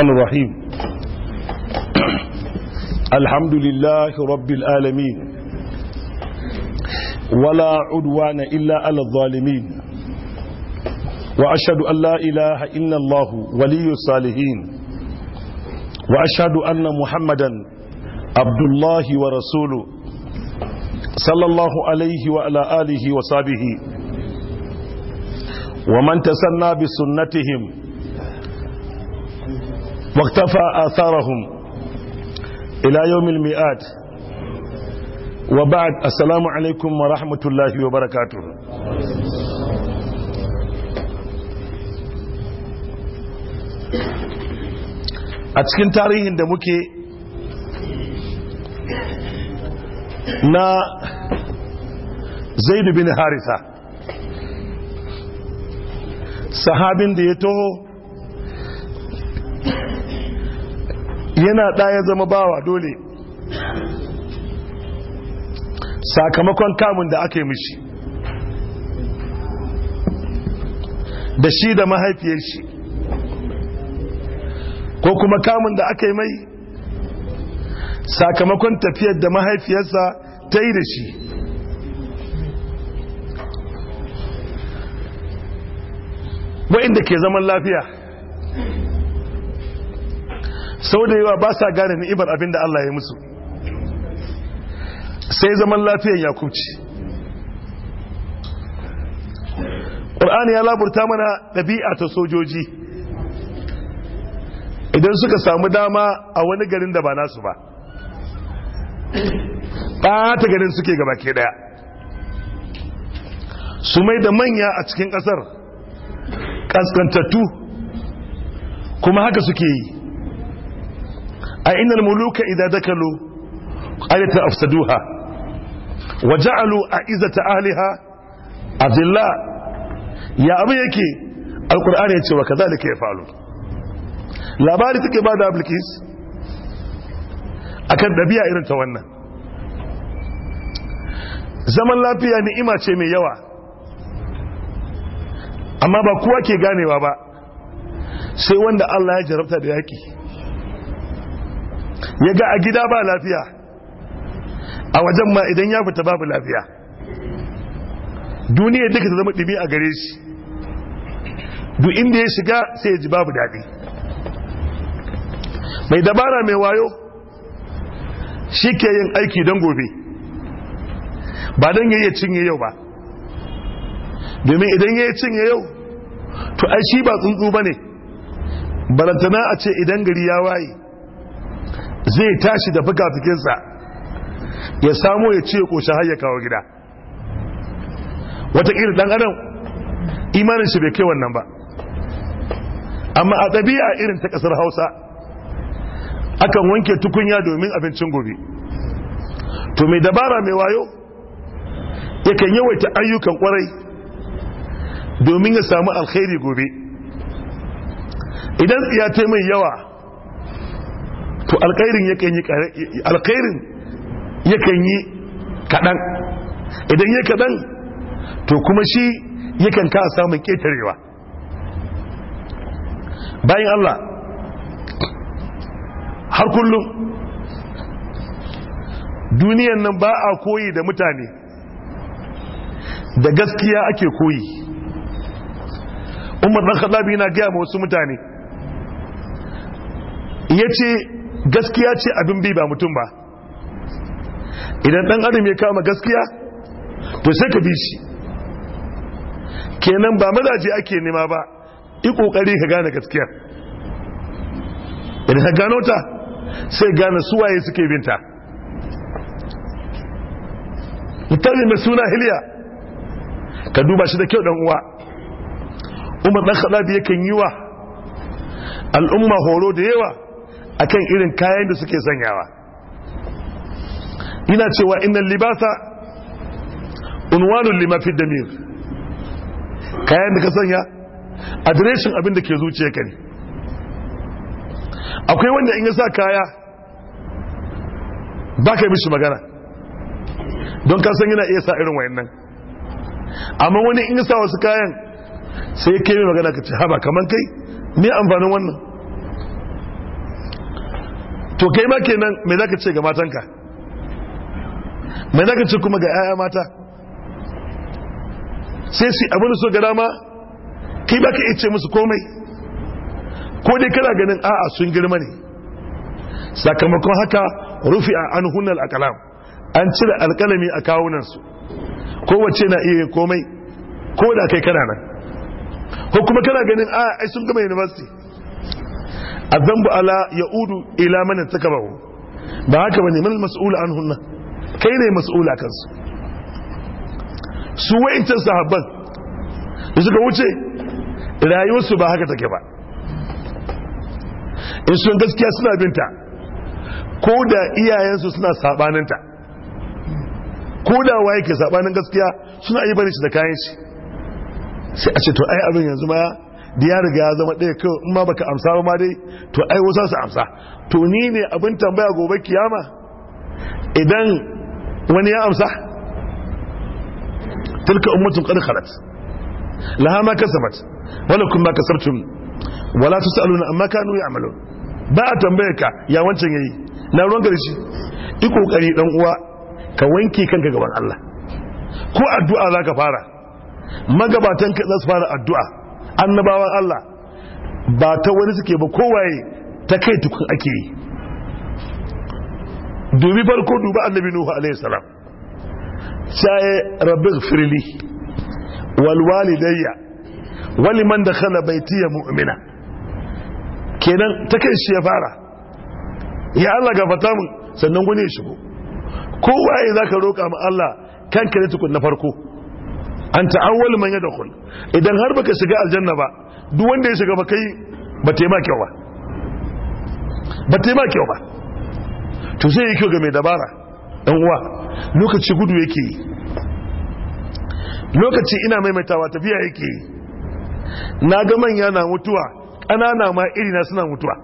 الرحمن الرحيم الحمد لله رب العالمين ولا عدوان إلا على الظالمين وأشهد أن لا إله إلا الله ولي الصالحين وأشهد أن محمدا عبد الله ورسوله صلى الله عليه وعلى آله وصحبه ومن تسنى بسنتهم واقتفى آثارهم إلى يوم المئات وبعد السلام عليكم ورحمة الله وبركاته a cikin tarihin da muke na zaidu bin harisa sahabin da ya toho yana ɗaya ya zama bawa dole sakamakon kamun da aka yi mishi da shi da mahaifiyar shi ko kuma kamun da aka yi mai sakamakon tafiyar da mahaifiyarsa ta yi da shi wa'inda ke zaman lafiya sau da yawa ba sa gane ni'imar abin da Allah ya musu sai zaman lafiyar yakubci ƙur'ani ya laburta mana ɗabi'a ta sojoji idan suka samu dama a wani garin da ba nasu ba ɓata garin suke gaba ke ɗaya su mai da manya a cikin ƙasar ƙaskantattu kuma haka suke yi a inal muluka idza dakalu qalat afsaduha wa ja'alu a'izata ahliha azilla ya abu yake alqur'ani ya ce wa kazalika yafalu labari take ba da ablikis akan dabi'a irin ta wannan zaman lafiya ni'ima ce mai yawa amma ba kowa ke ganewa ba sai wanda Allah ya jarabta da yaki ya ga a gida ba lafiya a wajen ma idan ya fita babu lafiya duniya duka ta zama ɗibi a gare shi duk inda ya shiga sai ya ji babu daɗi mai dabara mai wayo shi ke yin aiki don gobe ba don yayi cinye yau ba domin idan yayi cinye yau to ai shi ba tsuntsu ba ne balantana a ce idan gari ya waye zai tashi da fuka ya samu ya ce ko shahar ya kawo gida wataƙila ɗan adam imanin shi bai kai wannan ba amma a ɗabi'a irin ta ƙasar hausa akan wanke tukunya domin abincin gobe to mai dabara mai wayo yakan yawaita ayyukan kwarai domin ya samu alkhairi gobe idan tsiya mai yawa to alkhairin yakan yi alkhairin yakan yi kadan idan ya kadan to kuma shi yakan ka samun ketarewa bayan Allah har kullum duniyan nan ba a koyi da mutane da gaskiya ake koyi umar dan khadabi na gaya ma wasu mutane ya ce gaskiya ce abin bi ba mutum ba idan dan adam ya kama gaskiya to sai ka bi shi kenan ba mazaje ake nema ba yi kokari ka gane gaskiya idan ka gano ta sai gane suwaye suke binta Mutane mai suna hiliya ka duba shi da kyau dan uwa umar dan khalabi yakan yi wa al'umma horo da yawa akan irin kayan da suke sanyawa ina cewa innan libasa unwanun limafi damir kayan da ka sanya adireshin abin da ke zuciya ka ne akwai wanda in ya sa kaya ba ka yi mishi magana don kasan yana iya sa irin wayannan amma wani in ya sa wasu kayan sai kai mai magana ka ce haba kamar kai ne amfanin wannan to kai ma kenan me zaka ce ga matanka me zaka ce kuma ga 'ya'ya mata sai su abin so ga dama kai ba ka ce musu komai ko dai kana ganin a'a sun girma ne sakamakon haka rufi a an hunar akalam an cire alkalami a kawunansu kowace na iya komai ko da kai kana nan ko kuma kana ganin a'a ai sun gama university azambu ala ya'udu ila man takabahu ba haka bane man mas'ul anhunna kai ne mas'ula kansu su wa'incan sahabban da suka wuce rayuwarsu ba haka take ba in sun gaskiya suna binta ko da iyayensu suna sabaninta ko da waye ke sabanin gaskiya suna yi bari da kayan shi sai a ce to ai abin yanzu ma da ya riga ya zama ɗaya kawai in ma baka amsa ba ma dai to ai wasu su amsa to ni ne abin tambaya gobe kiyama idan wani ya amsa tilka ummatun qad khalat laha ma kasabat wala kun ma kasabtum wala tusaluna amma kanu ya'malun ba a tambaye ka ya wancan yayi na ruwan garshi ki kokari dan uwa ka wanke kanka gaban Allah ko addu'a zaka fara magabatan ka za su fara addu'a annabawan Allah ba ta wani suke ba kowaye ta kai tukun ake yi dubi farko duba annabi nuhu alaihi salam sai rabbi walwalidayya wal walidayya wali man dakhala baitiya mu'mina kenan ta kai shi ya fara ya Allah gafata mun sannan gune ya shigo kowaye zaka roka ma Allah kanka ne tukun na farko an ta'awwal man yadkhul idan har baka shiga aljanna ba duk wanda ya shiga ba kai ba tema kyau ba ba tema kyau ba to sai yake ga mai dabara dan uwa lokaci gudu yake lokaci ina maimaitawa tafiya yake na ga manya na mutuwa ƙanana ma iri na suna mutuwa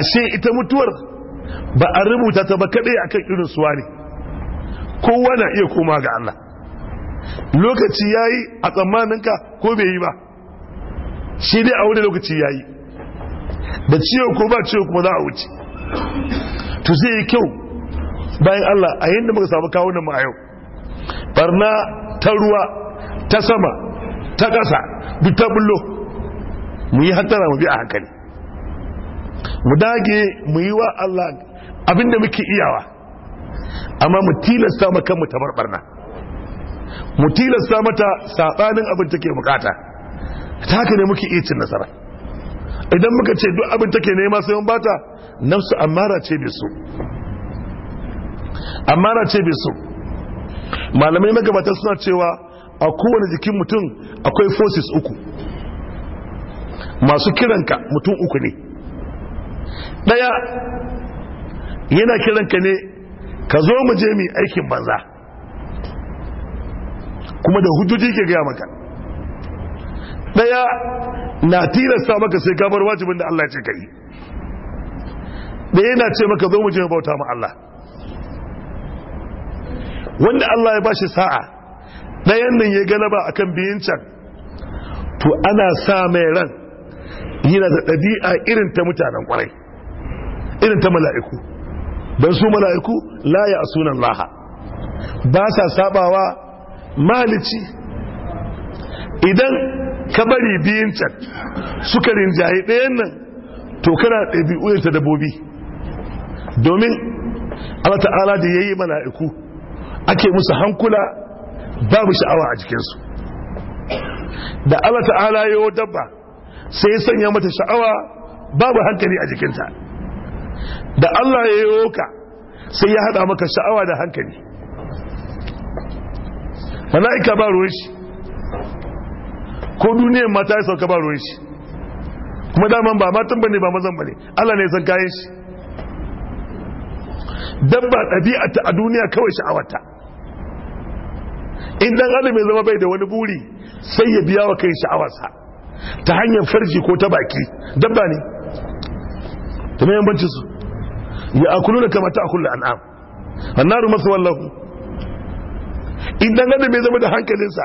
ashe ita mutuwar ba a rubuta ta ba kadai akan irin suwa ne kowa na iya koma ga Allah lokaci ya yi a tsammaninka ko bai yi ba shi dai a wani lokaci ya yi da ciwo ko ba ciwo kuma za a wuce to zai yi kyau bayan allah a yadda muka samu kawo mu a yau barna ta ruwa ta sama ta ƙasa duk ta bullo mu yi hantara mu bi a hankali mu dage mu yi wa allah abinda muke iyawa amma mu tilasta mu kanmu mu tabar barna mu tilasta mata sabanin abin take bukata ta haka ne muke iya cin nasara idan muka ce duk abin take nema sai mun bata nafsu amara ce bai so amara ce bai so malamai magabata suna cewa a kowane jikin mutum akwai forces uku masu kiranka mutum uku ne ɗaya yana kiranka ne ka zo mu je mu aikin banza kuma da hujjoji ke gaya maka daya na tilasta maka sai ka bar wajibin da Allah ya ce ka yi daya yana ce maka zo mu je bauta ma Allah wanda Allah ya ba shi sa'a dayan nan ya galaba akan biyin can to ana sa mai ran yana da ɗabi'a irin ta mutanen kwarai irin ta mala'iku don su mala'iku la ya sunan laha ba sa sabawa malici idan ka bari biyun can suka rinjaye ɗayan nan to kana ɗabi'u ta dabobi domin Allah ta'ala da yayi mala'iku ake musu hankula babu sha'awa a jikinsu da Allah ta'ala ya yayo dabba sai ya sanya mata sha'awa babu hankali a jikinta da Allah ya yayo ka sai ya haɗa maka sha'awa da hankali mala'ika ba ruwan shi ko duniyar mata ya sauka ba ruwan shi kuma dama ba matan bane ba mazan bane Allah ne san kayan shi dabba ɗabi'ata a duniya kawai sha'awata in dan adam ya zama bai da wani buri sai ya biya wa kai sha'awarsa ta hanyar farji ko ta baki dabba ne ta mai yambanci su ya da kama ta akulu an'am annaru masu wallahu idan da bai zama da hankalinsa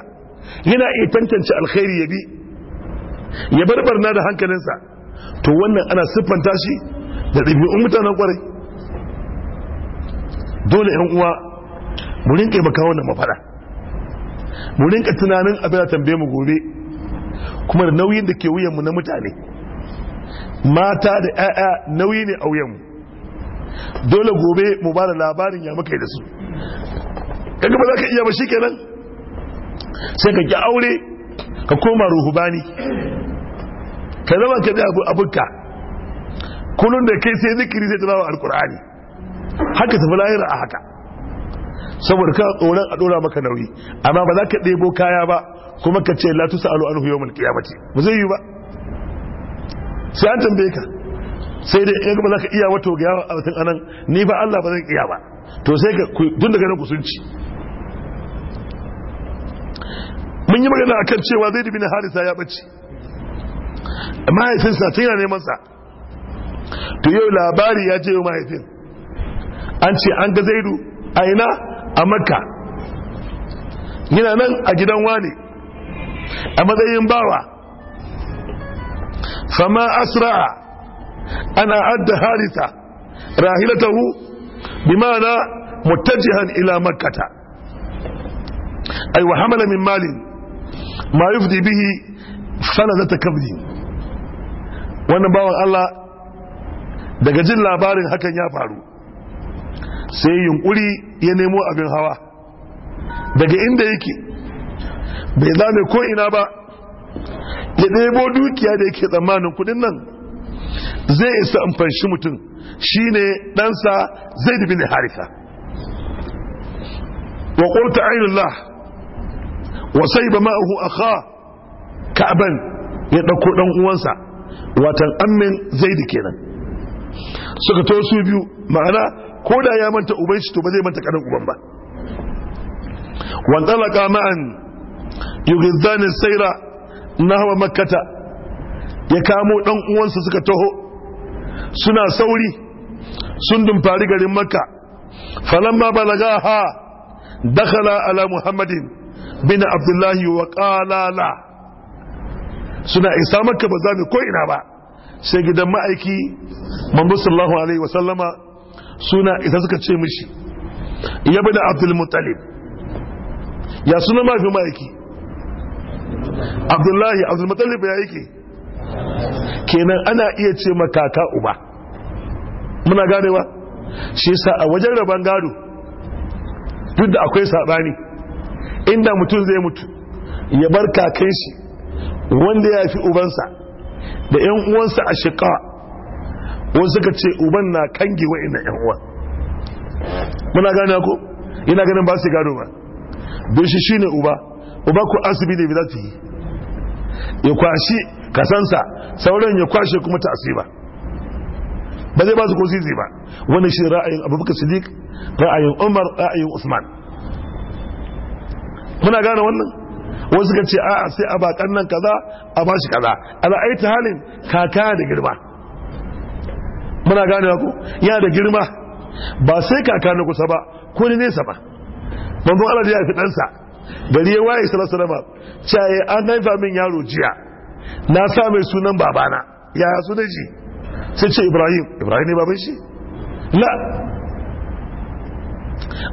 yana iya tantance alkhairi ya bi ya bar barna da hankalinsa to wannan ana siffanta shi da ɗabi'un mutanen kwarai dole yan uwa mu rinka maka wannan mafada mu rinka tunanin abin da tambaye mu gobe kuma da nauyin da ke wuyanmu na mutane mata da 'ya'ya nauyi ne a wuyanmu dole gobe mu ba da labarin ya muka da su kaga ba za ka iya ba shikenan sai ka ki aure ka koma ruhubani ka zama ka bi abu abuka kullun da kai sai zikiri sai tilawa alqur'ani haka tafi lahira a haka saboda ka tsoron a dora maka nauyi amma ba za ka ɗebo kaya ba kuma ka ce la tusalu anhu yawmal qiyamati ba zai yi ba sai an tambaye ka sai dai in ba za ka iya wato ga yawa a anan ni ba Allah ba zan iya ba to sai ka tun daga nan kusunci mun yi magana akan cewa zai dubi na harisa ya bace mahaifinsa sa yana neman sa to yau labari ya je mahaifin an ce an ga zaidu a ina a makka yana nan a gidan wani? a matsayin bawa fama Asra'a ana adda harisa rahilatahu ma'ana mutajjihan ila makkata أي وحمل من مال ما يفدي به فلذة كبده wannan bawan Allah daga jin labarin hakan ya faru sai yunkuri ya nemo abin hawa daga inda yake bai zame ko ina ba ya ɗebo dukiya da yake tsammanin kudin nan zai isa amfanshi mutum shine ɗansa zai dubi harisa wa ƙurta ainihin wasai ba ma'ahu akha ka'ban ya ɗauko ɗan uwansa watan ammin zaidi kenan suka to su biyu ma'ana ko da ya manta uban shi to ba zai manta kadan uban ba wanzalaka ma'an yughizzanin saira na nahwa makkata ya kamo ɗan uwansa suka taho suna sauri sun dumfari garin makka falamma balagaha dakala ala muhammadin bin abdullahi wa qalala suna isa maka ba za mu ko ina ba sai gidan ma'aiki manzo sallallahu alaihi wa sallama suna isa suka ce mishi ya bin abdul muttalib ya suna mafi ma'aiki abdullahi abdul muttalib ya yake kenan ana iya ce makaka uba muna ganewa shi sa a wajen rabon gado duk da akwai saɓani inda mutum zai mutu ya bar kakai shi wanda ya fi ubansa da yan uwansa a shekara wani suka ce uban na kange ina yan uwa muna gane ko ina ganin ba su gado ba don shi shine uba uba ku asibi ne za ta yi ya kwashi kasansa sauran ya kwashe kuma ta asiba ba zai ba su ko zizi ba wani shi ra'ayin abubakar siddiq ra'ayin umar ra'ayin usman muna gane wannan wasu ka ce a sai a ba nan kaza a ba shi kaza ala'aita halin kaka da girma muna gane ku ya da girma ba sai kaka na kusa ba ko ne nesa ba manzon Allah ya fi ɗansa gari ya waye sallallahu alaihi wasallam an haifa min yaro jiya na sa mai sunan babana yaya da ji? sai ce Ibrahim Ibrahim ne baban shi la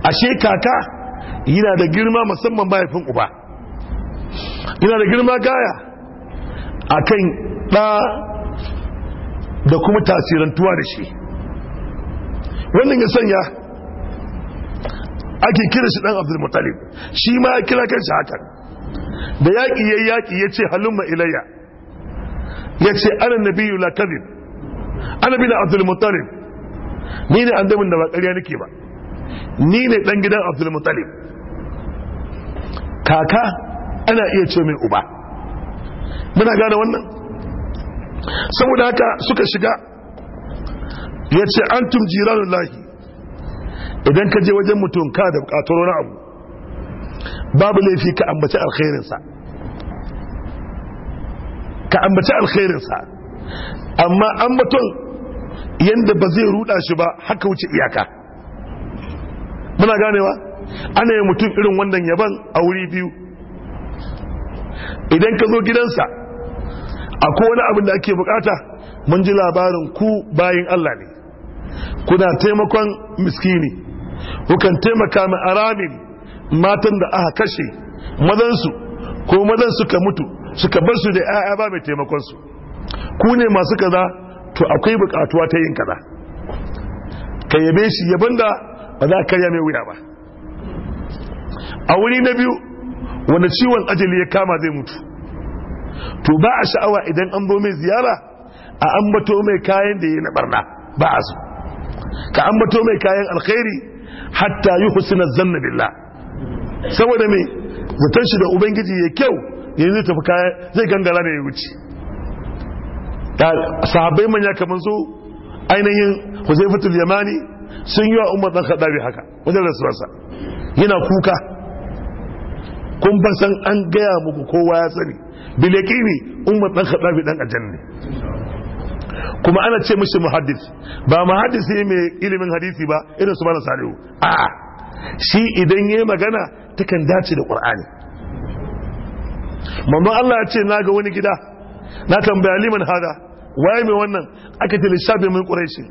ashe kaka yana da girma musamman mahaifin uba yana da girma gaya a kan ɗa da kuma tasirantuwa da shi wannan ya sanya ake kira shi ɗan abdulmutalib shi ma ya kira kan shi da yaƙi ya yaƙi ya ce halumma ilayya ya ce ana nabiyu la kadib ana bi na abdulmutalib ni ne an damin da ba ƙarya nake ba ni ne ɗan gidan abdulmutalib kaka ana iya ce mai uba muna gane wannan saboda haka suka shiga ya ce an tum jiranin lahi idan ka je wajen mutum ka da bukatar wani abu babu laifi ka ambaci alkhairinsa ka ambaci alkhairinsa amma ambaton yadda ba zai ruda shi ba haka wuce iyaka muna ganewa ana yi mutum irin wannan yaban a wuri biyu idan ka zo gidansa akwai wani abin da ake bukata mun ji labarin ku bayan Allah ne kuna taimakon miskini kukan taimaka mai aramin matan da aka kashe mazansu ko mazan suka mutu suka bar su da 'ya'ya ba mai taimakonsu ku ne masu kaza to akwai bukatuwa ta yin kaza ka yabe shi yaban da ba za ka mai wuya ba a wuri na biyu wanda ciwon ajali ya kama zai mutu to ba a sha'awa idan an zo mai ziyara a ambato mai kayan da ya na barna ba a so ka ambato mai kayan alkhairi hatta yi husna zanna billah saboda mai zaton shi da ubangiji ya kyau ya zai tafi kayan zai gangara da ya wuce sahabbai manya kamar su ainihin huzaifatul yamani sun yi wa umar dan khadabi haka wajen rasuwarsa yana kuka kun ba san an gaya muku kowa ya sani bileki ne umar dan khattabi dan ajanni kuma ana ce mishi muhaddis ba muhaddis ne mai ilimin hadisi ba irin su bana salihu a shi idan yayi magana ta kan dace da qur'ani Mamman Allah ya ce na ga wani gida na tambaya liman hada waye mai wannan aka ce lissafi mai quraishi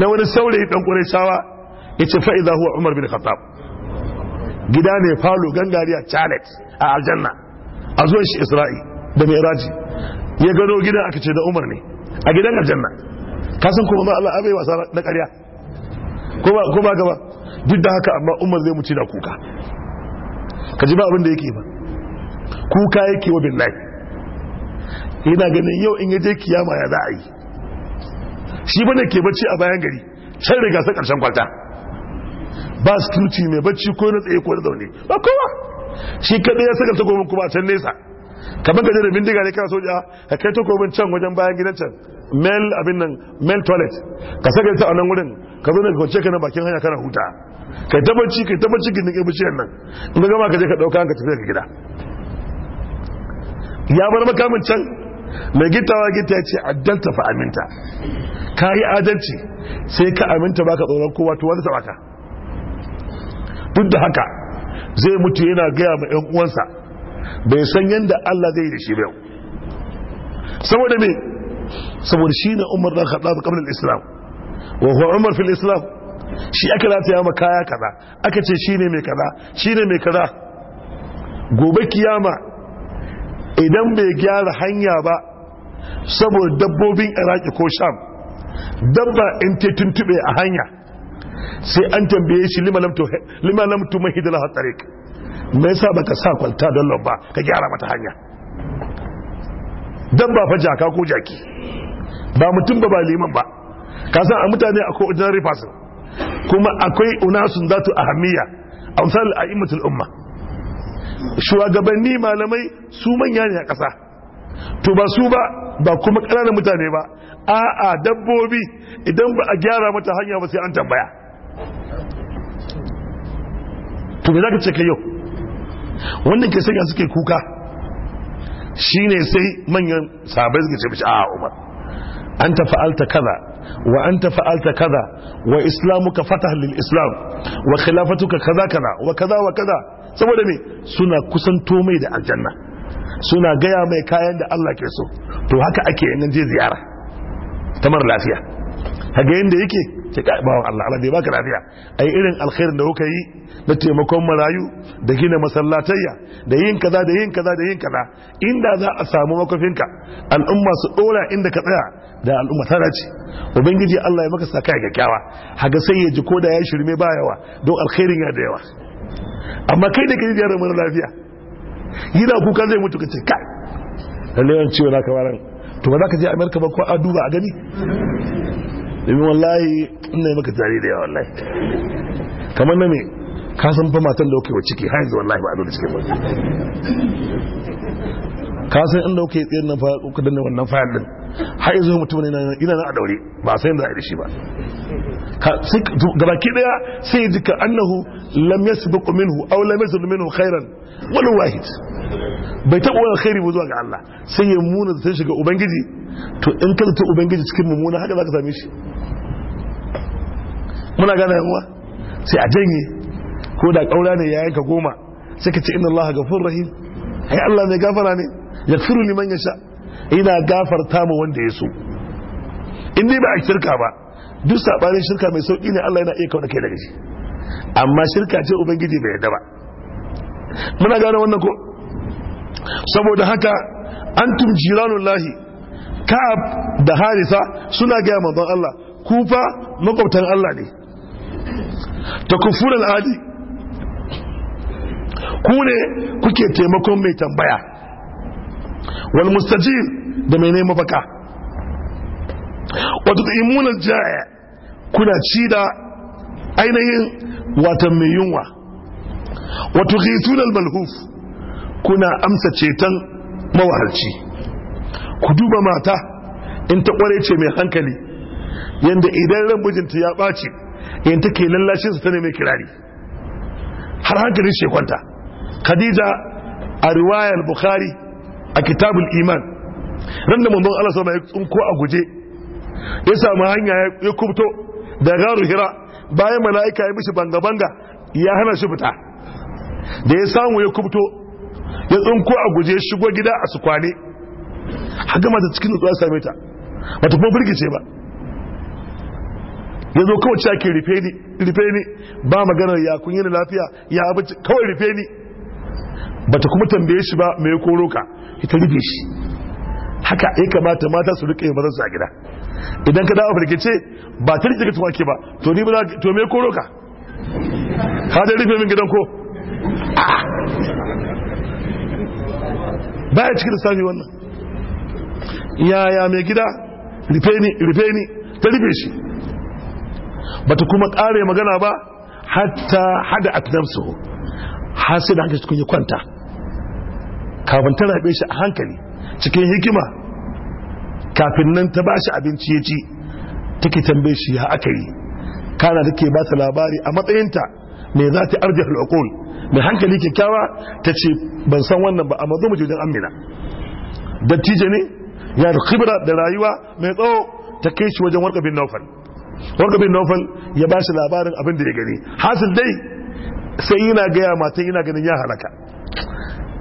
na wani saurayi dan quraishawa yace fa idza huwa umar bin khattab gida ne falo gangariya chalet a aljanna a zuwan shi isra'i da mai ya gano gidan aka ce da umar ne a gidan aljanna kasan kuma ma Allah abai wasa na ƙarya ko ba gaba duk da haka amma umar zai mutu da kuka ka ji ba abin da yake ba kuka yake wa billahi yana ganin yau in yaje kiyama ya za a yi shi bane ke bacci a bayan gari can riga sa karshen kwalta ba security mai bacci ko na tsaye ko na zaune ba kowa shi kadai ya saka takobin kuma can nesa kamar gajen da bindiga ne kana soja ka kai takobin can wajen bayan gidan can male abin nan male toilet ka saka ta a nan wurin ka zo ne ka kwance bakin hanya kana huta kai ta bacci kai ta bacci gindin ibiciyar nan in ka gama ka je ka dauka ka tafi ka gida ya bar makamin can mai gittawa gitta ya ce addalta fa aminta ka yi adalci sai ka aminta baka tsoron kowa to wani sabaka duk da haka zai mutu yana gaya ma 'yan uwansa bai san yadda Allah zai da shi ba saboda me saboda shi ne umar na khattab da ƙamar islam wa umar fil islam shi aka ya ma kaya kaza aka ce shi ne mai kaza ne mai kaza gobe kiyama idan bai gyara hanya ba saboda dabbobin iraki ko sham dabba in ta tuntube a hanya sai an tambaye shi lima lam tu mahi da Me tsarik sa baka sa kwalta don lamba ka gyara mata hanya dan ba fa jaka ko jaki ba mutum ba ba liman ba ka san a mutane akwai ordinary person kuma akwai unasun zatu ahammiya a misali a imatul umma shugabanni malamai su manya ne a ƙasa to ba su ba ba kuma ƙananan mutane ba a'a dabbobi idan ba a gyara mata hanya ba sai an tambaya to me za ka ce ka yau wannan ke sanya suke kuka shi ne sai manyan sabai suke ce a umar an ta fa'alta kaza wa an ta fa'alta kaza wa islamuka fatah lil islam wa khilafatuka kaza kaza wa kaza wa kaza saboda me suna kusanto mai da aljanna suna gaya mai kayan da Allah ke so to haka ake yin je ziyara ta mara lafiya kaga yanda yake ce ka bawan Allah Allah bai baka lafiya ai irin alkhairin da kuka yi na taimakon marayu da gina masallatayya da yin kaza da yin kaza da yin kaza inda za a samu makofinka al'umma su dora inda ka tsaya da al'umma ta dace ubangiji Allah ya maka saka ya kyakkyawa haga sai ya ji ko da ya shirme ba yawa don alkhairin ya da yawa amma kai da kai da mun lafiya yana kuka zai mutu kace kai lalle yan ciwo ka waran to ba za ka je America ba ko a duba a gani domin wallahi ina maka tare da yawa wallahi kamar na me ka san fa matan da kai wa ciki har yanzu wallahi ba a da cikin waje ka san inda kai tsayar nan fa ku danna wannan fayil din har yanzu mutum ne ina na a daure ba sai yanzu a yi da Ka ba gabaki daya sai ya jika annahu lam yasbiq minhu aw lam yazun minhu khairan walu wahid bai taba wani khairi ba zuwa ga Allah sai ya muna sai shiga ubangiji to in ka ta ubangiji cikin mummuna haka zaka same shi muna gane yawa sai a janye ko da kaura ne ya yanka goma sai ka ce inna Allah gafur rahim ai Allah mai gafara ne yaghfiru liman yasha ina gafarta ma wanda ya so in dai ba a shirka ba duk sabanin shirka mai sauki ne Allah yana iya kauna kai daga shi amma shirka ce ubangiji bai yarda ba muna gane wannan ko saboda haka antum jiranullahi ka'ab da harisa suna gaya manzon Allah kufa makwabtan Allah ne ta kufuran adi ku ne kuke taimakon mai tambaya wal mustajib da mai neman baka wato imunan jaya kuna ci da ainihin watan mai yunwa wato ghithunan malhuf kuna amsa ceton mawarci ku duba mata in ta kware ce mai hankali yanda idan ran ya ɓaci yadda take lallashin su ta ne mai kirari har hankali shi kwanta khadija a riwayar bukhari a kitabul iman ran da manzon Allah sama ya tsunko a guje ya samu hanya ya kubto da garu hira bayan mala'ika ya mishi banga banga ya hana shi fita da ya samu ya kubto ya tsunko a guje shigo gida a su kwane haka mata cikin nutsuwa same ta mata kuma birgice ba ya zo kawai cewa ke rufe ni rufe ni ba maganar ya kun yana lafiya ya abinci kawai rufe ni bata kuma tambaye shi ba mai koro ka ita rufe shi haka ya kamata mata su rike mazan su a gida idan ka dawo firgice ba ta rike tuwa ke ba to ni ba to mai koro ka ka da rufe min gidan ko ya cikin lissafi wannan yaya mai gida rufe ni rufe ni ta rufe shi bata kuma ƙare magana ba hatta hada a atnamsu har sai da hankali cikin yi kwanta kafin ta rabe shi a hankali cikin hikima kafin nan ta ba shi abinci ya ci take tambaye shi ya yi. kana da ke ba ta labari a matsayinta mai za ta arji halakul mai hankali kyakkyawa ta ce ban san wannan ba a mazo mu wajen amina dattijo ne ya da khibra da rayuwa mai tsawo ta kai shi wajen warka bin wanda bin nufal ya ba shi labarin abin da ya gani hasil dai sai yana gaya matan yana ganin ya halaka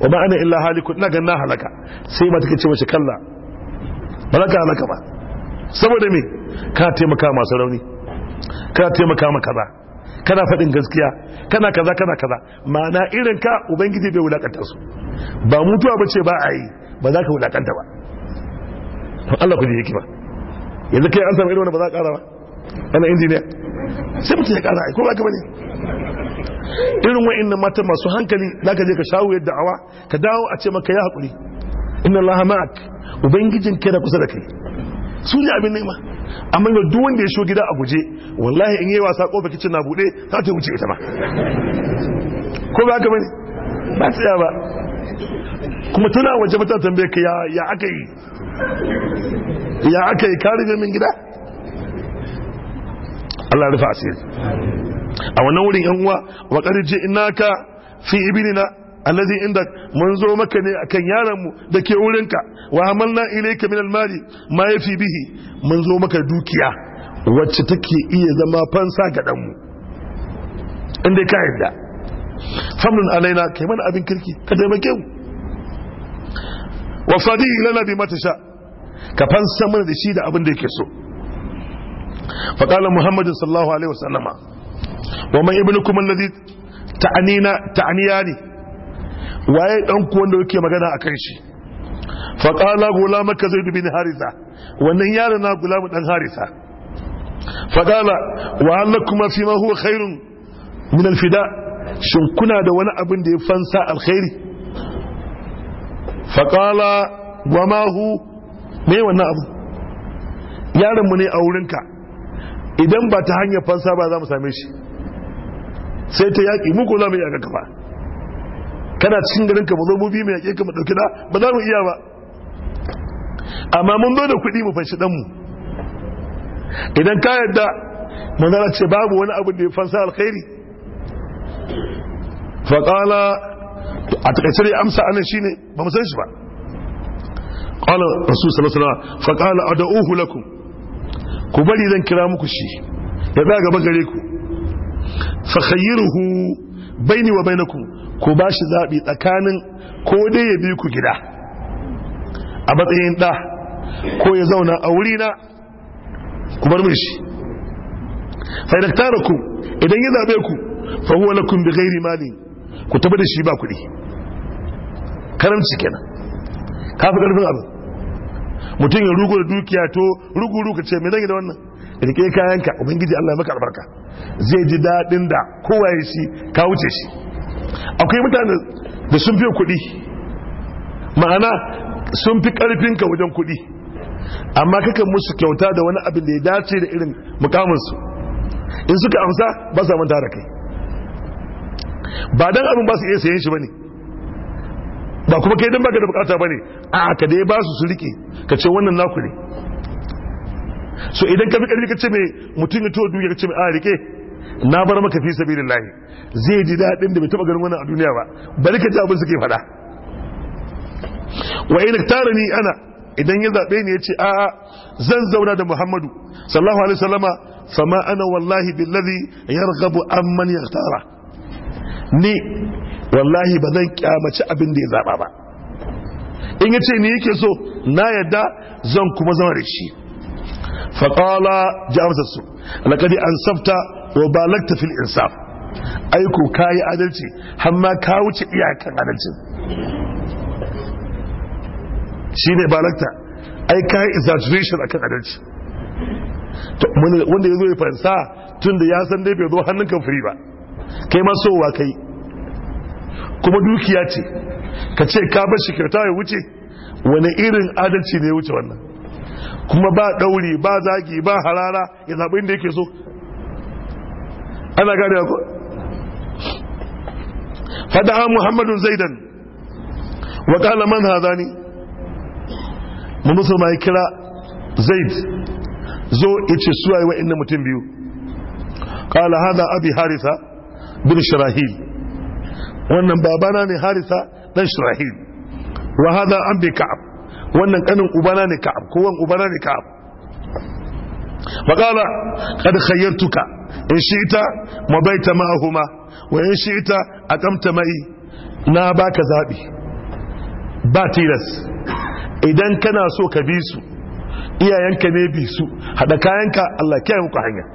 wa ma'ana illa haliku ina ganin na halaka sai mata kace mace kalla ba ka halaka ba saboda me ka taimaka masu rauni ka taimaka ma kaza kana faɗin gaskiya kana kaza kana kaza ma'ana irin ka ubangiji bai wulakanta su ba mutuwa ba ce ba a yi ba za ka wulakanta ba Allah ku ji hikima yanzu kai an samu irin wani ba za ka ƙara ba ana injiniya sai mutum ya kara ko ba ka bane irin inna mata masu hankali ka je ka shawo yadda awa ka dawo a ce maka ya hakuri inna allaha ma'ak ubangijin kai da kusa da kai su ne abin nema amma yau duk wanda ya shigo gida a guje wallahi in yi wasa kofar kicin na bude za ta wuce ita ma ko ba ka bane ba tsaya ba kuma tana waje mata tambaye ka ya aka yi ya aka yi ka min gida Allah rufe asiri a wannan wurin yan uwa wa karje innaka fi ibnina allazi inda mun zo maka ne akan yaron mu da ke ka. wa amalna ilayka min almali ma yafi bihi mun zo maka dukiya wacce take iya zama fansa ga dan mu inda ka yadda. famun alaina kai mana abin kirki ka taimake mu wa fadi lana bi matasha ka fansa mana da shi da abin da yake so فقال محمد صلى الله عليه وسلم ومن ابنكم الذي تعنينا تعنياني waye dan ku wanda yake magana akan shi fa qala gulamaka zaid bin haritha wannan yaron na gulamu dan haritha fa qala wa allakuma fi ma huwa shin kuna da wani abin da ya fansa alkhairi fa qala wa me wannan abu yaron mu ne a wurinka idan ba ta hanyar fansa ba za mu same shi sai ta yaƙi muku za mu yaƙa kafa kana cikin garin ka mu zo mu bi mu yaƙe ka mu ɗauki da ba za mu iya ba amma mun zo da kuɗi mu fanshi ɗanmu idan ka mu manzara ce babu wani abu da ya fansa alkhairi faƙala a takaice da amsa anan shi ne, ba mu san shi ba قال الرسول صلى الله عليه وسلم فقال أدعوه لكم ku bari zan kira muku shi ya za gaba gare ku fa khayyiruhu baini wa bainakum ku bashi zabi tsakanin ko dai ya bi ku gida a matsayin da ko ya zauna a wuri na ku bar mishi fa idaktarakum idan ya zabe ku fa huwa lakum bi ghairi mali ku tabbata shi ba kuɗi karamci kenan kafi karfin abin mutum ya rugu da dukiya to rugu rugu ce me zai da wannan rike kayanka ubangiji Allah ya maka albarka zai ji daɗin da kowa ya shi ka wuce shi akwai mutane da sun fi kuɗi ma'ana sun fi ƙarfinka wajen kuɗi amma kakan musu kyauta da wani abin da ya dace da irin mukaminsu in suka amsa ba sa manta da kai ba dan abin ba su iya sayen shi ba ne. ba kuma kai dan baka da bukata bane a ka dai ba su su rike ka ce wannan naku ne so idan ka fi karfi ka ce mai mutum ya to duniya ka ce mai a rike na bar maka fi sabilillah zai ji daɗin da bai taba ganin wannan a duniya ba bari ka ji abin suke faɗa wa in tarani ana idan ya zabe ni ya ce a zan zauna da Muhammadu sallallahu alaihi wasallama fama ana wallahi billazi yarghabu amman tara. ni wallahi ba zan kyamaci abin da ya zaba ba in yace ni yake so na yadda zan kuma zama da shi faqala ja'amsa su laqad ansafta wa balagta fil insaf aiko kai adalci har ma ka wuce iyakan adalcin shine balagta ai kai exaggeration akan adalci wanda ya zo ya fansa tun da ya san dai bai zo hannun kan firi ba kai ma so wa kai kuma dukiya ce ka ce ka bar shi kyauta ya wuce wani irin adalci ne ya wuce wannan kuma ba ɗauri ba zagi ba harara ya zaɓi inda yake so ana gane ko fada'a Muhammadu zaidan wa kala man ne mu musulma ya kira zaid zo yace suwaye inda mutum biyu kala haza abi harisa bin shirahili wannan babana ne harisa dan shirahil wa hada an bi ka'ab wannan kanin ubana ne ka'ab kowan ubana ne ka'ab فقال قد خيرتك إن شئت مبيت معهما mai. شئت baka معي لا باك زابي باتيرس so كان bi su. iyayenka ne bi su hada kayanka Allah kai muku hanya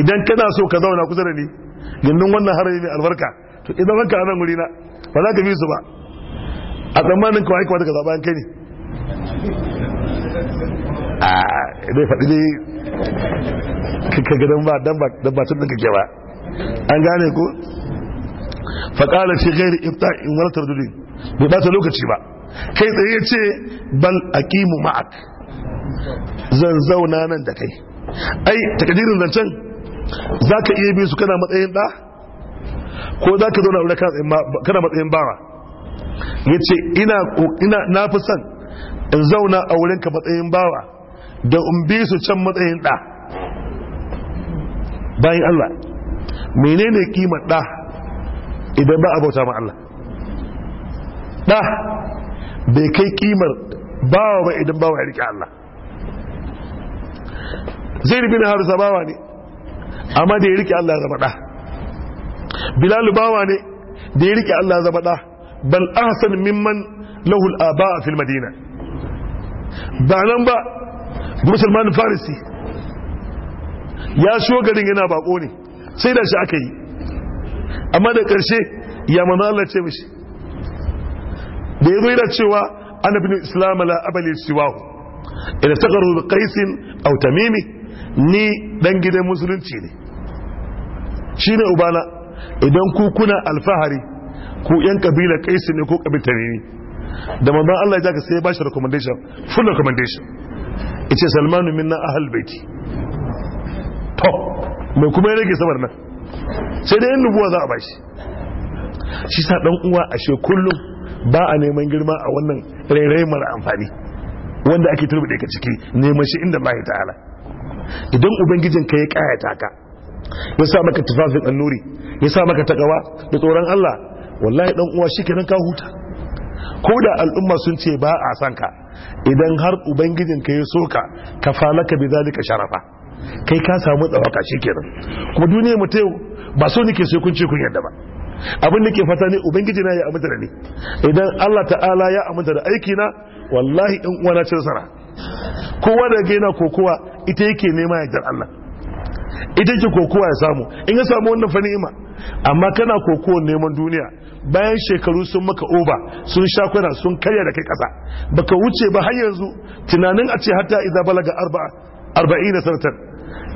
idan kana so ka zauna kusa da ni gindin wannan harami mai albarka to idan ranka a nan wuri na ba za ka bi su ba a tsammanin kawai kuma daga zaɓa kai a dai faɗi ne ka gidan ba dan ba tun kake ba an gane ko faƙala shi gairi ifta in wani tardudi bai bata lokaci ba kai tsaye ya ce bal aqimu ma'ak zan zauna nan da kai ai takadirin zancen za ka iya bi su kana matsayin ɗa ko za ka zauna wurin kana matsayin bawa ya ce ina na fi son in zauna a wurin ka matsayin bawa da in bi su can matsayin ɗa bayan Allah menene kimar ɗa idan ba a bauta ma Allah ɗa bai kai kimar bawa ba idan bawa ya riƙe Allah zai na harisa bawa ne amma da ya riƙe Allah ya zama ɗa bilal bawa ne da ya rike Allah zama da bal ahsan mimman lahul aba fil madina ba nan ba musulman farisi ya shigo garin yana bako ne sai da shi aka yi amma da karshe ya manzo Allah ce mishi da ya yana cewa ana bin islam la abali siwahu idan taqaru bi qaisin aw tamimi ni dan gidan musulunci ne shine ubana idan ku kuna alfahari ku yan kabila kaisi ne ko kabila ne da mamban Allah ya sai ya shi recommendation full recommendation yace salmanu minna ahal baiti to mai kuma ya rage sabar nan sai dai nubuwa za a bashi shi sa dan uwa ashe kullum ba a neman girma a wannan rairayi mara amfani wanda ake turbi ka ciki neman shi inda Allah ta'ala idan ubangijin ka ya kayata ka ya sa maka tufafin annuri ya sa maka takawa da tsoron Allah wallahi dan uwa kenan ka huta ko da al'umma sun ce ba a san ka idan har ubangijin ka ya soka ka falaka bi zalika sharafa kai ka samu tsawaka shikenan kuma duniya mu ba so nake sai kun ce kun yadda ba abin da ke fata ne ubangiji na ya aminta da ni idan Allah ta'ala ya aminta da aiki na wallahi in uwa na cin sara kowa da gaina kokowa ita yake nema ya jar Allah ita ke kokowa ya samu in ya samu wannan fa ni'ima amma kana kokowar neman duniya bayan shekaru sun maka oba sun sha kwana sun karya da kai kasa baka wuce ba har yanzu tunanin a ce hatta idza balaga arba'a arba'in sanatan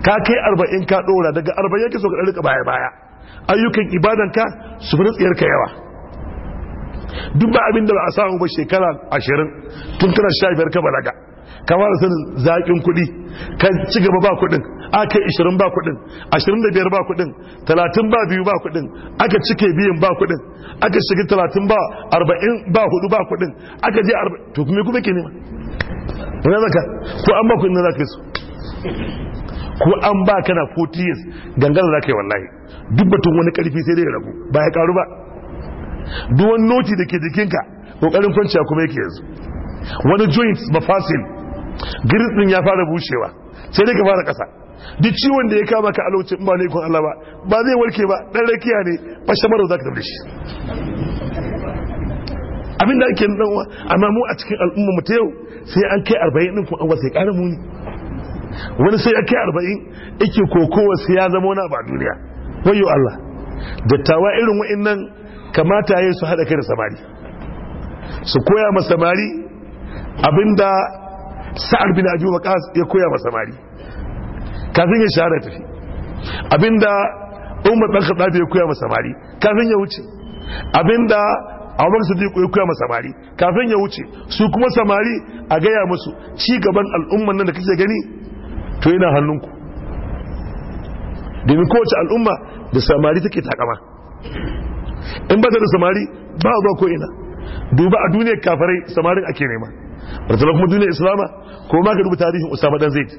ka kai arba'in ka dora daga arba'in yake so ka rika baya baya ayyukan ibadanka su fi tsiyar ka yawa duk ba abin da ba a samu ba shekara ashirin tun kana sha biyar ka balaga ka sun sanin zaƙin kuɗi kan ci gaba ba kuɗin aka yi ishirin ba kuɗin ashirin da biyar ba kuɗin talatin ba biyu ba kuɗin aka cike biyun ba kuɗin aka shiga talatin ba arba'in ba hudu ba kuɗin aka je arba'in to me kuma ke nema wani zaka ko an ba kuɗin na zaka yi su ko an ba kana 40 years gangana zaka yi wallahi duk batun wani karfi sai dai ragu ba ya karu ba duk wani noti da ke jikinka kokarin kwanciya kuma yake yanzu wani joint mafasil giris din ya fara bushewa sai dai ka fara kasa duk ciwon da ya kama ka alauci in ba ne kun Allah ba ba zai warke ba dan rakiya ne fashamar za zaka tabbata shi abin da ake dan uwa amma mu a cikin al'umma mu ta yau sai an kai 40 din kun an wasa ƙara muni wani sai an kai 40 yake kokowa sai ya zama wani ba duniya wayo Allah dattawa irin wa'annan kamata yayin su hada kai da samari su koya ma samari abinda Sa'ar bin abi waqas ya koya wa samari kafin ya shahara tafi abinda umar dan khattab ya koya wa samari kafin ya wuce abinda abubakar sadi ya koya wa samari kafin ya wuce su kuma samari a gaya musu ci gaban al'umman nan da kake gani to yana hannunku domin kowace al'umma da samari take takama in ba da samari ba zuwa ko ina duba a duniyar kafarai samarin ake nema ba ta kuma duniyar islama ko ma ka duba tarihin usama dan zaid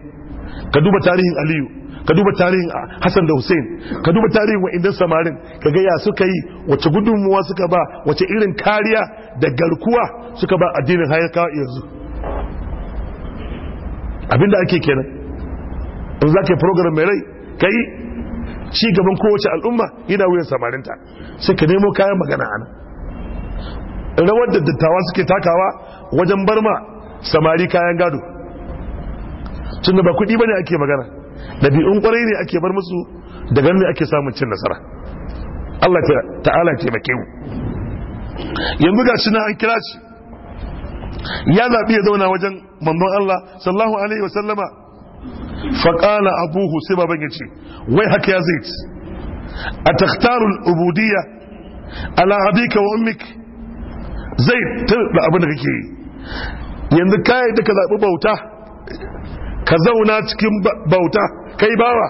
ka duba tarihin aliyu ka duba tarihin hassan da hussein ka duba tarihin wa'indan samarin ka gaya ya suka yi wace gudunmuwa suka ba wace irin kariya da garkuwa suka ba addinin hayar kawo yanzu abinda ake kenan in za ka yi program mai rai ka yi ci gaban kowace al'umma yana wuyan samarinta sai ka nemo kayan magana anan rawar da dattawa suke takawa wajen barma samari kayan gado tun da ba kuɗi ba ne ake magana da ɗabi'un ƙwarai ne ake bar musu daga ne ake samun cin nasara Allah ta'ala taimake mu yanzu ga shi an kira shi ya zaɓi ya zauna wajen mamban Allah sallahu alaihi wasallama faƙala abuhu sai baban ya ce wai haka ya zai a takhtarul ubudiyya ala abika wa ummika zai da abin da kake yanzu kayan da ka zaɓi bauta ka zauna cikin bauta kai bawa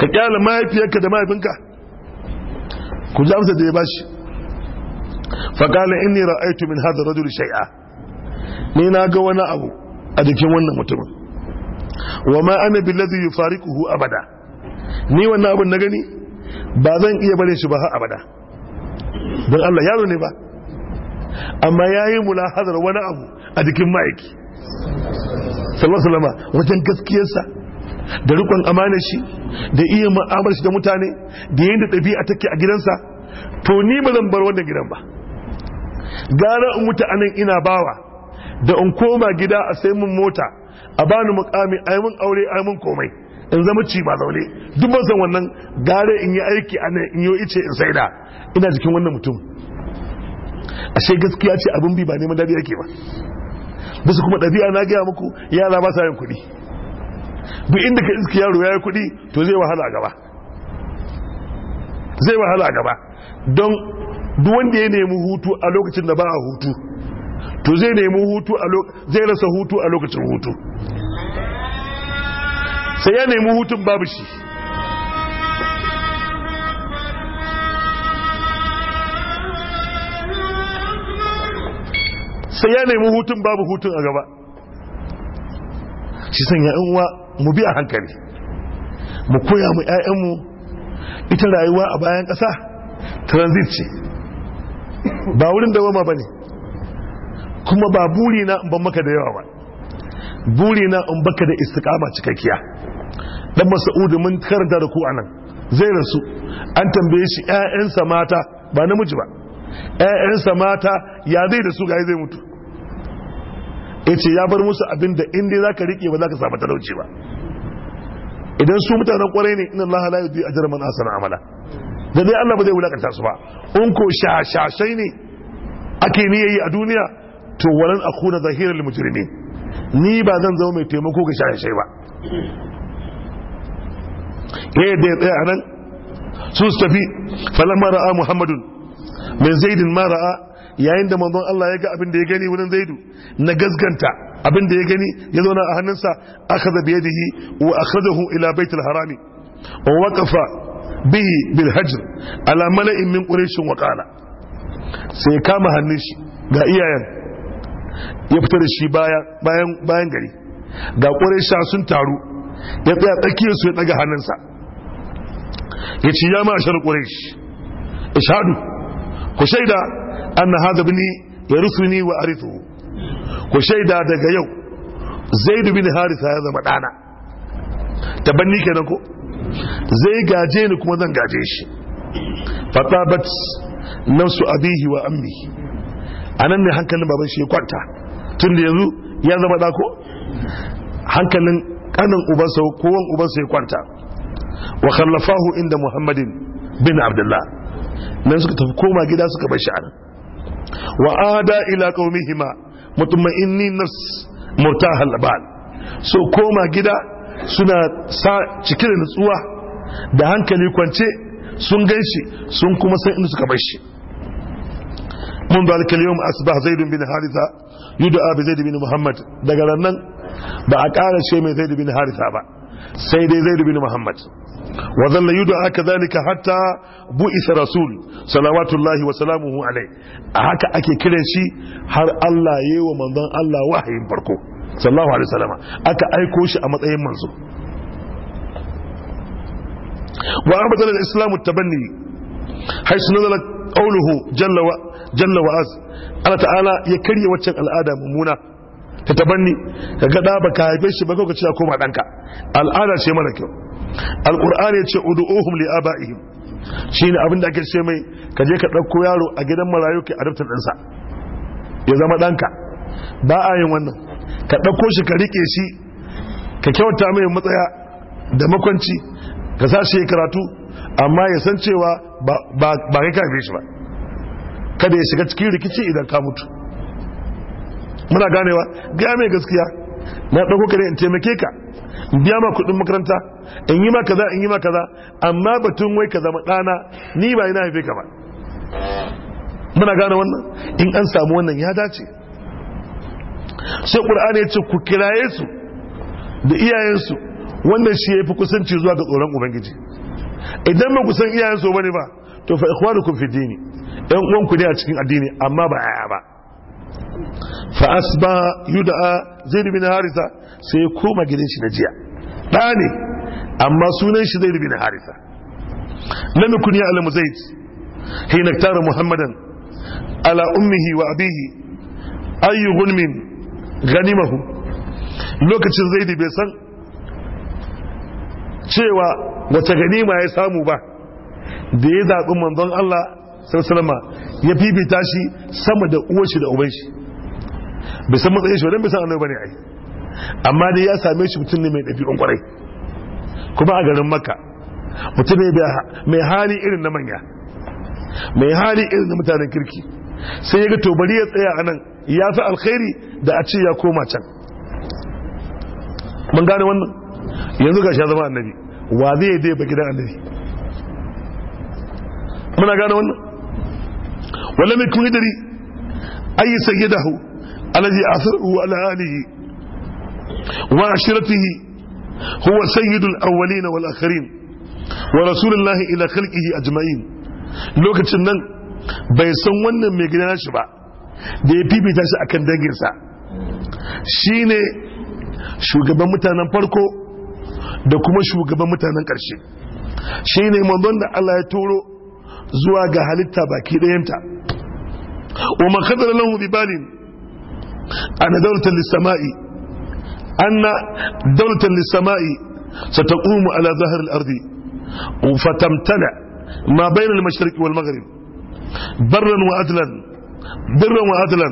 ka kyala mahaifiyarka da mahaifinka ku ji amsa da ya bashi faƙalin inni ra'aitu min hada radul shai'a ni na ga wani abu a jikin wannan mutumin wa ma ana billazi yufariquhu abada ni wannan abin na gani ba zan iya bare shi ba har abada don Allah yaro ne ba amma ya yi mulahazar wani abu a jikin ma'aiki sallallahu alaihi wajen gaskiyarsa da rikon amana shi da iya ma'amar shi da mutane da yin da a take a gidansa to ni ba zan bar wannan gidan ba gara in mutu anan ina bawa da in koma gida a sai mun mota a bani mukami yi mun aure yi mun komai in zama ci ba zaune duk ban san wannan gare in yi aiki anan in yi ice in saida ina jikin wannan mutum ashe gaskiya ce abin bi ba neman dadi ake ba su kuma ɗabi'a na gaya muku yara ba sa yin kuɗi duk inda ka iska yaro ya yi kuɗi to zai wahala gaba zai wahala gaba don duk wanda ya nemi hutu a lokacin da ba a hutu to zai nemi hutu a zai rasa hutu a lokacin hutu sai ya nemi hutun babu shi sai ya nemi hutun babu hutun a gaba shi sanya wa mu bi a hankali mu koya mu mu ita rayuwa a bayan ƙasa transit ce ba wurin dawama ba ne kuma ba buri na in ban maka da yawa ba buri in baka da istiqama cikakkiya dan masa'udu mun karanta da ku anan zai rasu an tambaye shi ƴaƴansa mata ba namiji ba ƴaƴansa mata ya zai da su gaye zai mutu ya ce ya bar musu abin da inda za ka riƙe ba za ka samu talauci ba idan su mutanen kwarai ne inna Allah la biyu a man asana amala da dai Allah ba zai wulakanta su ba in ko shashashai ne ake niyayi a duniya to walan akuna zahirar lil mujrimin ni ba zan zama mai taimako ga shashashai ba yayin da ya tsaya anan su tafi falamma ra'a muhammadun min zaidin ma ra'a yayin da manzon Allah ya ga abin da ya gani wurin zaidu na gazganta abin da ya gani ya zauna a hannunsa akhadha bi yadihi wa akhadahu ila baitul harami wa waqafa bihi bil hajr ala mala'in min quraish wa qala sai kama hannun shi ga iyayen ya fita da shi bayan bayan gari ga quraisha sun taru ya tsaya tsakiyar su ya daga hannunsa ya ci ya ma shar quraish ishadu ku shaida anna hadha yarithuni wa arithu ku shaida daga yau zaid bin haritha ya zama dana tabanni kenan ko zai gaje ni kuma zan gaje shi fatabat nafsu abihi wa ammi anan ne hankalin baban shi ya kwanta tun da yanzu ya zama da ko hankalin kanin ubansa ko wan ubansa ya kwanta wa khallafahu inda muhammadin bin abdullah nan suka tafi koma gida suka bar shi anan wa ada ila qaumihima mutma'inni nafs murtahal bal so koma gida suna sa cikin nutsuwa da hankali kwance sun ganshi sun kuma san inda suka bar shi mun da alkal yawm asbah zaid bin haritha yud'a bi zaid bin muhammad daga nan ba a ƙara ce mai zaid bin haritha ba sai dai zaid bin muhammad وظل يدعى كذلك حتى بؤس رسول صلوات الله وسلامه عليه haka ake kiran shi har Allah yayi wa manzon Allah wahayin farko sallallahu alaihi wasallam aka aiko shi a matsayin manzo wa arbata al-islam at-tabanni haythu nazala qawluhu jalla wa jalla Allah ya karya waccan al'ada mummuna ta ka gaɗa da baka haife shi ba ko ka ce ko ba danka al'ada ce mara kyau alkur'ani ya ce udu'uhum li aba'ihim shine abin da ake ce mai ka je ka ɗauko yaro a gidan marayu ka adaptar ɗansa ya zama ɗanka ba a yin wannan ka ɗauko shi ka riƙe shi ka kyauta mai matsaya da makwanci ka sa shi karatu amma ya san cewa ba kai kafe shi ba kada ya shiga cikin rikici idan ka mutu muna ganewa gaya mai gaskiya na ɗauko ka ne in taimake ka biya ma kuɗin makaranta in yi ma kaza in yi ma kaza amma batun wai ka zama ɗana ni ba ina haife ka ba muna gane wannan in an samu wannan ya dace sai qurani ya ce ku kiraye su da iyayensu wannan shi yafi fi kusanci zuwa ga tsoron ubangiji idan ba ku san iyayensu ba ne ba to fa ikhwanukum fi dini ɗan uwanku ne a cikin addini amma ba yaya ba fa asba yud'a zai na harisa sai koma gidan shi na jiya ɗa ne amma sunan shi zai na harisa lam yakun ya'lamu zaid hina tara muhammadan ala ummihi wa abihi ayu gulmin ganimahu lokacin zaid bai san cewa wace ganima ya samu ba da ya zaɓi manzon Allah sarsalama ya fifita shi sama da uwar da uban shi bai san matsayin shi bai san annabi bane ai amma dai ya same shi mutum ne mai ɗabi'un kwarai kuma a garin makka mutum ne mai hali irin na manya mai hali irin na mutanen kirki sai ya ga tobari ya tsaya a nan. ya fi alkhairi da a ce ya koma can mun gane wannan yanzu ga shi zama annabi wa zai dai ba gidan annabi muna gane wannan wala mai kuma hidari ayi sayyidahu الذي أثره على آله وعشرته هو سيد الأولين والآخرين ورسول الله إلى خلقه أجمعين lokacin nan bai san wannan mai na shi ba da ya fi fifita shi akan danginsa shi ne shugaban mutanen farko da kuma shugaban mutanen ƙarshe shi ne manzon da Allah ya toro zuwa ga halitta baki ɗayanta wa makadar lahu bi balin أن دولة للسماء أن دولة للسماء ستقوم على ظهر الأرض فتمتنع ما بين المشرق والمغرب برا وعدلا برا وعدلا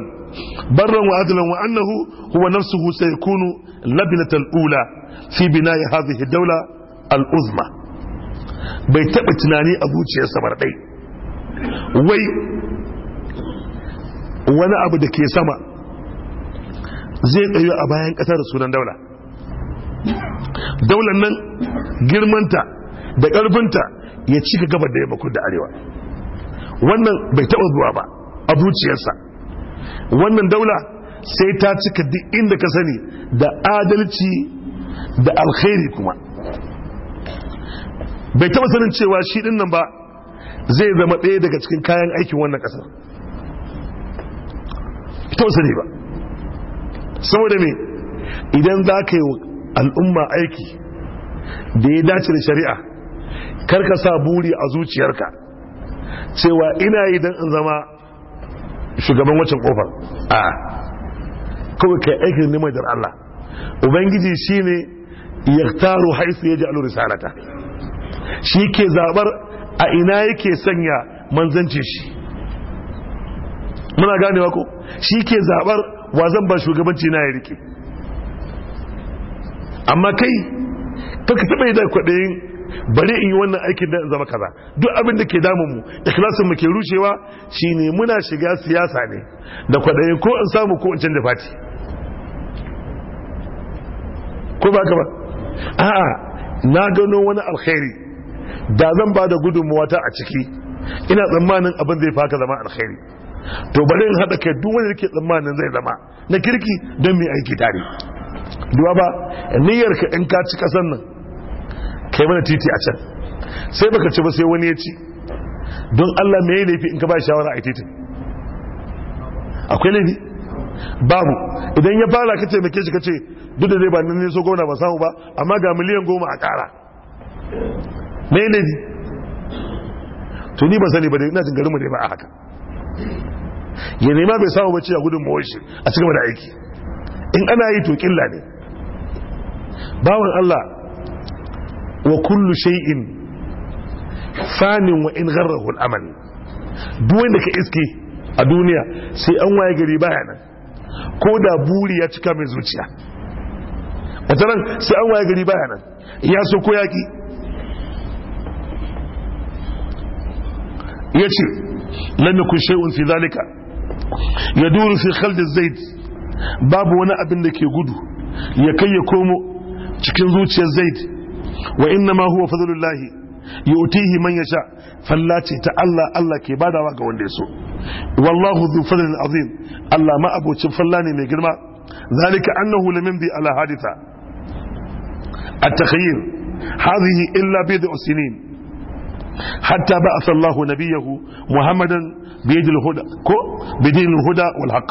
برا وعدلا وأنه هو نفسه سيكون لبنة الأولى في بناء هذه الدولة العظمى بيتبتناني أبوتي يا سمردين وي وانا أبدك يا ke zai tsayo a bayan ƙasar sunan daula daular nan girmanta da ƙarfinta ya cika gabar da ya bakun da arewa wannan bai taɓa zuwa ba a zuciyarsa wannan daula sai ta cika duk inda ka sani da adalci da alkhairi kuma bai taɓa sanin cewa shi ɗin nan ba zai zama ɗaya daga cikin kayan aikin wannan ƙasar ta wasu ne ba saboda me idan za ka yi al'umma aiki da ya dace da shari'a karka sa buri a zuciyarka cewa ina yi don in zama shugaban wacin kofar a kawai kai aikin neman dar Allah ubangiji shi shine yaktaru haisu ya ji alu risalata shi ke zabar a ina yake sanya manzanci shi muna ganewa ko shi ke zabar wa zan ba shugabanci na ya rike amma kai ka taba yi da kwaɗayin bari in yi wannan aikin da zama kaza duk abin da ke damun mu ikhlasin mu ke rushewa shine muna shiga siyasa ne da kwaɗayin ko in samu ko in canza fati ko ba ka ba a'a na gano wani alkhairi da zan ba da gudunmuwata a ciki ina tsammanin abin zai faka zama alkhairi to bari in haɗa kai duk wanda yake tsammanin zai zama na kirki don mai aiki tare duwa ba niyyar ka in ka ci kasan nan kai mana titi a can sai baka ci ba sai wani ya ci don Allah me laifi in ka ba shawara a titin akwai laifi babu idan ya fara ka taimake shi ka ce duk da zai ba nan ne so gwamna ba samu ba amma ga miliyan goma a ƙara me laifi to ni ba sani ba da ina jin garinmu da ba a haka ya nema bai samu bacci a gudun mawashi a cikin da aiki in ana yi to killa ne bawan Allah wa kullu shay'in fanin wa in gharrahu al-amal duk wanda ka iske a duniya sai an waye gari baya nan ko da buri ya cika mai zuciya wata sai an waye gari baya nan ya so ko yaki ya ce lamikun shay'un fi zalika ya duru fi khaldin zaid babu wani abin da ke gudu ya kai ya komo cikin zuciyar zaid wa inna ma huwa fadlullahi yu'tihi man yasha fallace ta Allah Allah ke badawa ga wanda ya so wallahu dhu fadlin azim Allah ma abocin falla ne mai girma zalika annahu lamin bi ala haditha at-takhayyur hadhihi illa bid'u sinin hatta ba'atha Allah nabiyahu Muhammadan bidil huda ko bidil huda wal haqq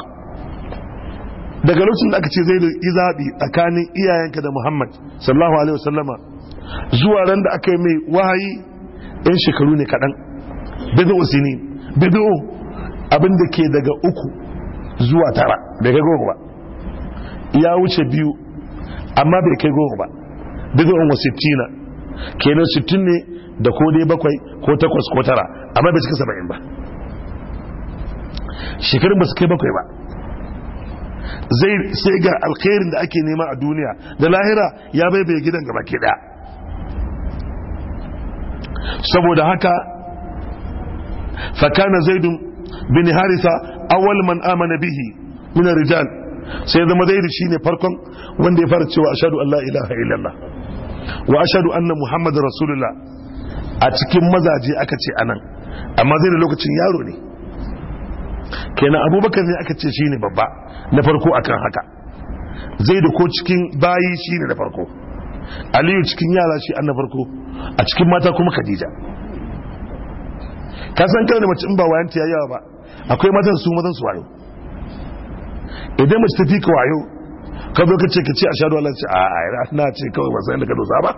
daga lokacin da aka ce zai yi zabi tsakanin iyayenka da Muhammad sallallahu alaihi wasallama zuwa ran da aka yi mai wahayi yan shekaru ne kaɗan bid'u Sini. bid'u abin da ke daga uku zuwa tara bai kai goma ba ya wuce biyu amma bai kai goma ba wa wasittina kenan sittin ne da ko dai bakwai ko takwas ko tara amma bai cika saba'in ba shekarun ba su kai bakwai ba zai sai ga alkhairin da ake nema a duniya da lahira ya baibaye gidan gaba ke daya saboda haka fakana zaidun bin harisa awal man amana bihi minar rijal sai zama zaidu shine farkon wanda ya fara cewa Allah, an ilaha illallah wa ashadu anna Muhammadu rasulullah a cikin mazaje aka ce anan amma zai da lokacin yaro ne kenan abubakar ne aka ce shine babba na farko akan haka zai da ko cikin bayi shine na farko aliyu cikin yara shi an na farko a cikin mata kuma Kadija. ka san kai da mace in ba wayan ta yawa ba akwai matan su mazan su wayo idan mace ta fi ka wayo ka zo ka ce ka ce a shaɗu Allah ce a a na ce kawai ba sai da ka dosa ba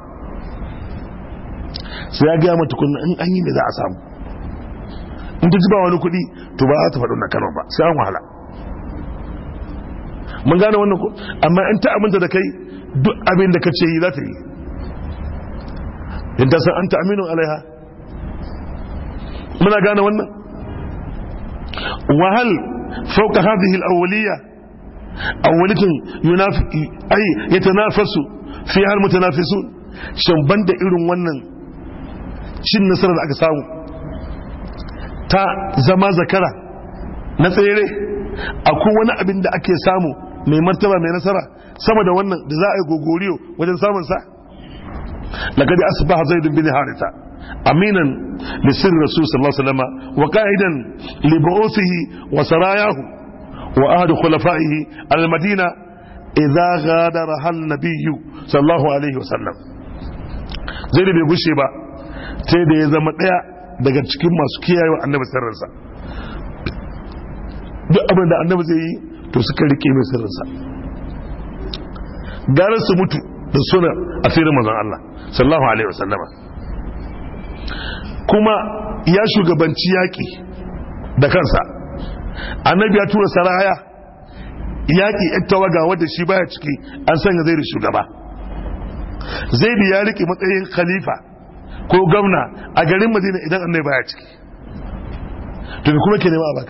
sai ya gaya mata kunna in an yi me za a samu in ta jiba wani kuɗi to ba za ta faɗi wannan kalmar ba sai an wahala mun gane wannan ku amma in ta aminta da kai duk abin da ka ce yi za ta yi in ta san an ta aminu alaiha muna gane wannan wahal fauka hadhihi al-awwaliyya awwalatin yunafi ay yatanafasu fiha al-mutanafisun shan banda irin wannan cin nasarar da aka samu ta zama zakara na tsere akwai wani abin da ake samu mai martaba mai nasara saboda wannan da za a yi gogoriyo wajen samun sa na gadi asibar hazaidun bin harita aminan lissin rasu sallallahu salama wa ƙa'idan libosihi wa sarayahu wa ahadu khulafa'ihi al-madina idza ghadara hal nabiyyu sallallahu alaihi wa sallam zai da bai gushe ba sai da ya zama ɗaya. daga cikin masu kiyayewa annabi sirrinsa duk abin da annabi zai yi to suka rike mai sirrinsa gara su mutu da suna asirin mazan Allah sallallahu alaihi wasallama kuma ya shugabanci yaƙi da kansa annabi ya tura saraya yaƙi yan ga wadda shi baya ciki an sanya zai shugaba zai ya rike matsayin khalifa ko gwamna a garin madina idan annai baya ciki to kuma ke nema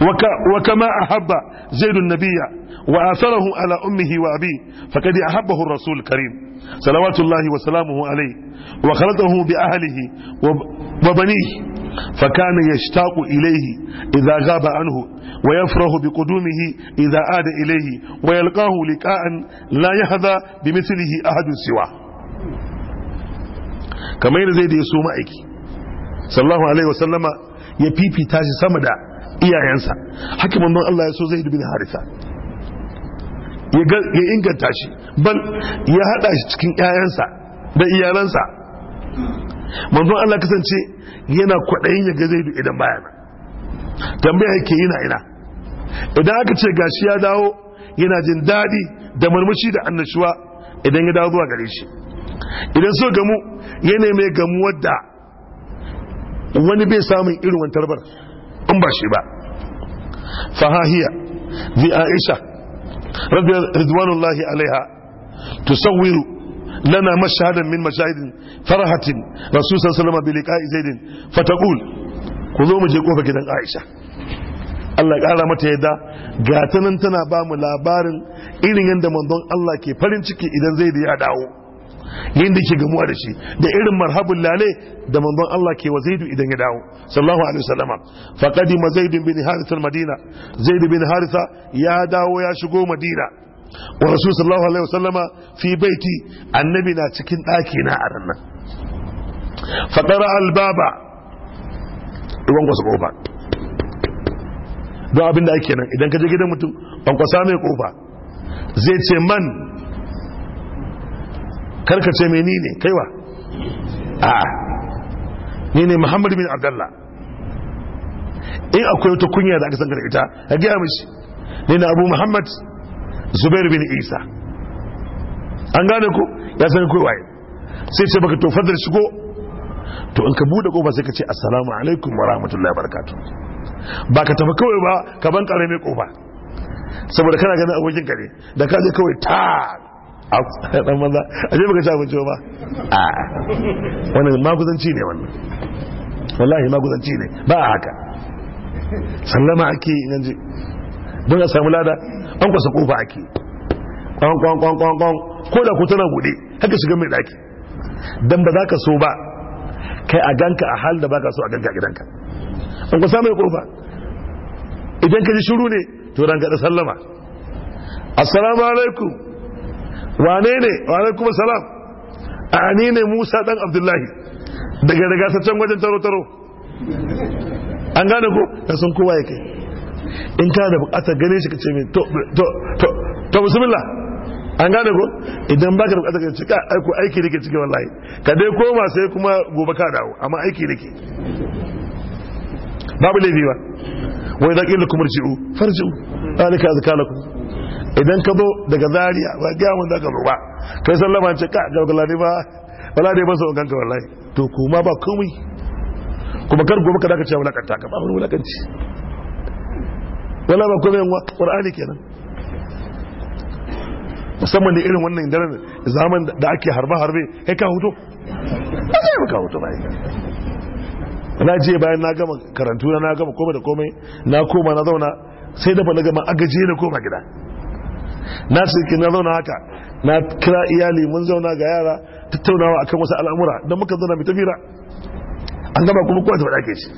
baka wa kama ahabba zaidun nabiyya wa asarahu ala ummihi wa abi faqad ahabbahu ar-rasul karim salawatullahi wa salamuhu alayhi wa khalatahu bi ahlihi wa banihi فكان يشتاق إليه إذا غاب عنه ويفرح بقدومه إذا عاد إليه ويلقاه لقاء لا يهذا بمثله أحد سواه kamar yadda zai da ya so ma'aiki sallallahu alaihi wasallama ya fifita shi sama da iyayensa haka manzon Allah ya so zai dubi harisa ya inganta shi ban ya hada shi cikin iyayensa da iyalansa manzon Allah kasance yana kwaɗayin ya ga zai idan baya tambaya yake yana ina idan aka ce gashi ya dawo yana jin daɗi da murmushi da annashuwa idan ya dawo zuwa gare shi idan so gamu yana mai gamu wadda wani bai samun irin wantar bar in ba shi ba fahahiya bi aisha radwanullahi alaiha tusawwiru lana mashhadan min mashahidin farahatin rasul sallallahu alaihi wasallam zaidin fataqul ku zo mu je kofa gidan aisha Allah kara mata yadda nan tana ba mu labarin irin yadda manzon Allah ke farin ciki idan zai da ya dawo yadda ke gamuwa da shi da irin marhabun lale da manzon Allah ke wa zaidu idan ya dawo sallallahu alaihi wasallama qadima zaid bin harisa madina zaid bin harisa ya dawo ya shigo madina wa rasul sallallahu alaihi wasallama fi baiti annabi na cikin daki na a nan faqara albaba ruwan kwasa kofa don abin da ake nan idan ka je gidan mutum kwankwasa mai kofa zai ce man karkace mai ni ne kaiwa a ni ne muhammadu bin abdallah in akwai wata kunya da aka san da ita a gaya mishi ni na abu muhammad zubair bin isa an gane ku ya san kai waye sai ce baka tofar da shigo to in ka buɗe ƙofa sai ka ce assalamu alaikum wa rahmatullahi wa barakatuh ba ka tafi kawai ba ka ban ƙarami ƙofa? saboda kana ganin abokin gari da ka je kawai ta dan maza a ce baka ci abinci ba a wannan maguzanci ne wannan wallahi maguzanci ne ba a haka sallama ake yi nan ji don a samu lada an kwasa kofa ake kwan kwan kwan kwan ko da ku tana buɗe. haka shiga mai daki dan ba za ka so ba kai a ganka a hal da baka so a ganka a gidanka an ku samu kofa idan ka ji shiru ne to ranka da sallama assalamu alaikum wane ne wane kuma salam a ne musa dan abdullahi daga daga saccen wajen taro-taro an gane ko da sun kowa ya kai in ka da bukatar gane shi ka ce mai to bismillah an gane ko idan baka da bukatar cika aiko aiki rike cikin wallahi ka dai koma sai kuma gobe ka dawo amma aiki rike babu laifi ba wai da kuma farji'u zalika azkalakum idan ka zo daga zariya ba gaya mun zaka zo ba kai sallama ce ka gala ne ba wala dai ba so ganka wallahi to kuma ba komai kuma kar gobe ka cewa ce kanta ka ba wani kanci wala ba komai wa qur'ani kenan musamman da irin wannan daren zaman da ake harba harbe kai ka hoto ba zai ka huto ba na je bayan na gama karantuna na gama komai da komai na koma na zauna sai da ba na gama agaje na koma gida na sirki na zauna haka na kira iyali mun zauna ga yara tattaunawa akan wasu al'amura don muka zauna mai tafira an gaba kuma kowace faɗa ke shi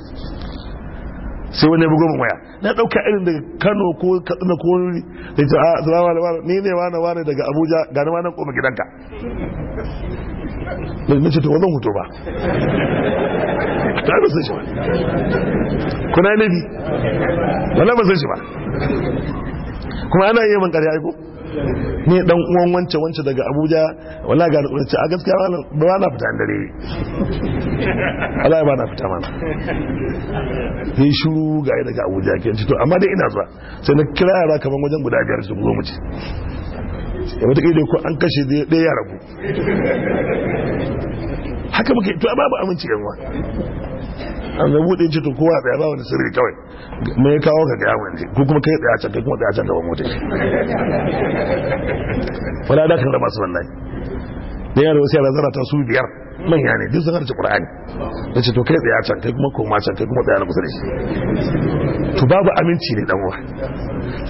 sai wani abu goma waya na dauka irin daga Kano ko Katsina ko wani da ta zama alaikum ni ne wani wani daga Abuja ga ni nan koma gidanka da nace to wannan hoto ba ta ba sai shi ba kuna nabi wala ba sai shi ba kuma ana yi man aiko ne dan uwan wance wance daga abuja wala ga da a gaskiya ba na fita dare Allah ya ba na fita mana ne shuru ga daga abuja ke to amma dai ina zuwa sai na kira yara kamar wajen guda biyar su zo mu ci ya eh, wata dai ko an kashe ɗaya ya ragu haka muke to babu aminci yan an zai buɗe ce to kowa tsaya ba wani sirri kawai mai kawo ka gaya wani ko kuma kai tsaya can kai kuma tsaya can gaban mota shi. da kan da masu wannan. da yaro wasu yana zara ta su biyar manya ne duk sun harci ƙura'ani. da ce to kai tsaya can kai kuma koma can kai kuma tsaya na kusa da shi to babu aminci ne dan uwa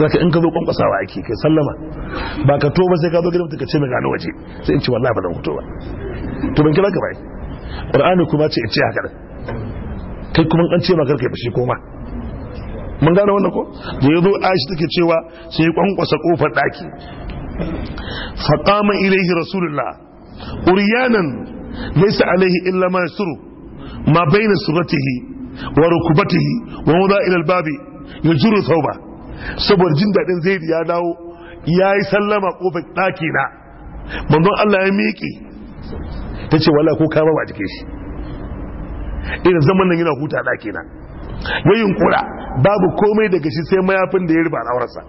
ka in ka zo kwankwasawa ake kai sallama ba ka to ba sai ka zo gidan ka ce mai gano waje sai in ci wallahi ba zan fito ba to ban kira ka bai ƙura'ani kuma ce in ce haka kai kuma an ce makarka ba shi koma mun gane wannan ko da yazo Aisha take cewa sai kwankwasa kofar daki qama ilaihi rasulullah uryanan laysa alaihi illa ma yasuru ma bayna suratihi wa rukbatihi wa wada ila albab yajru thawba saboda jin dadin zaidi ya dawo yayi sallama kofar daki na manzon Allah ya miƙe tace wallahi ko kama ba jike shi irin zaman nan yana huta da kenan ya kura babu komai daga shi sai mayafin da ya riba al'aurarsa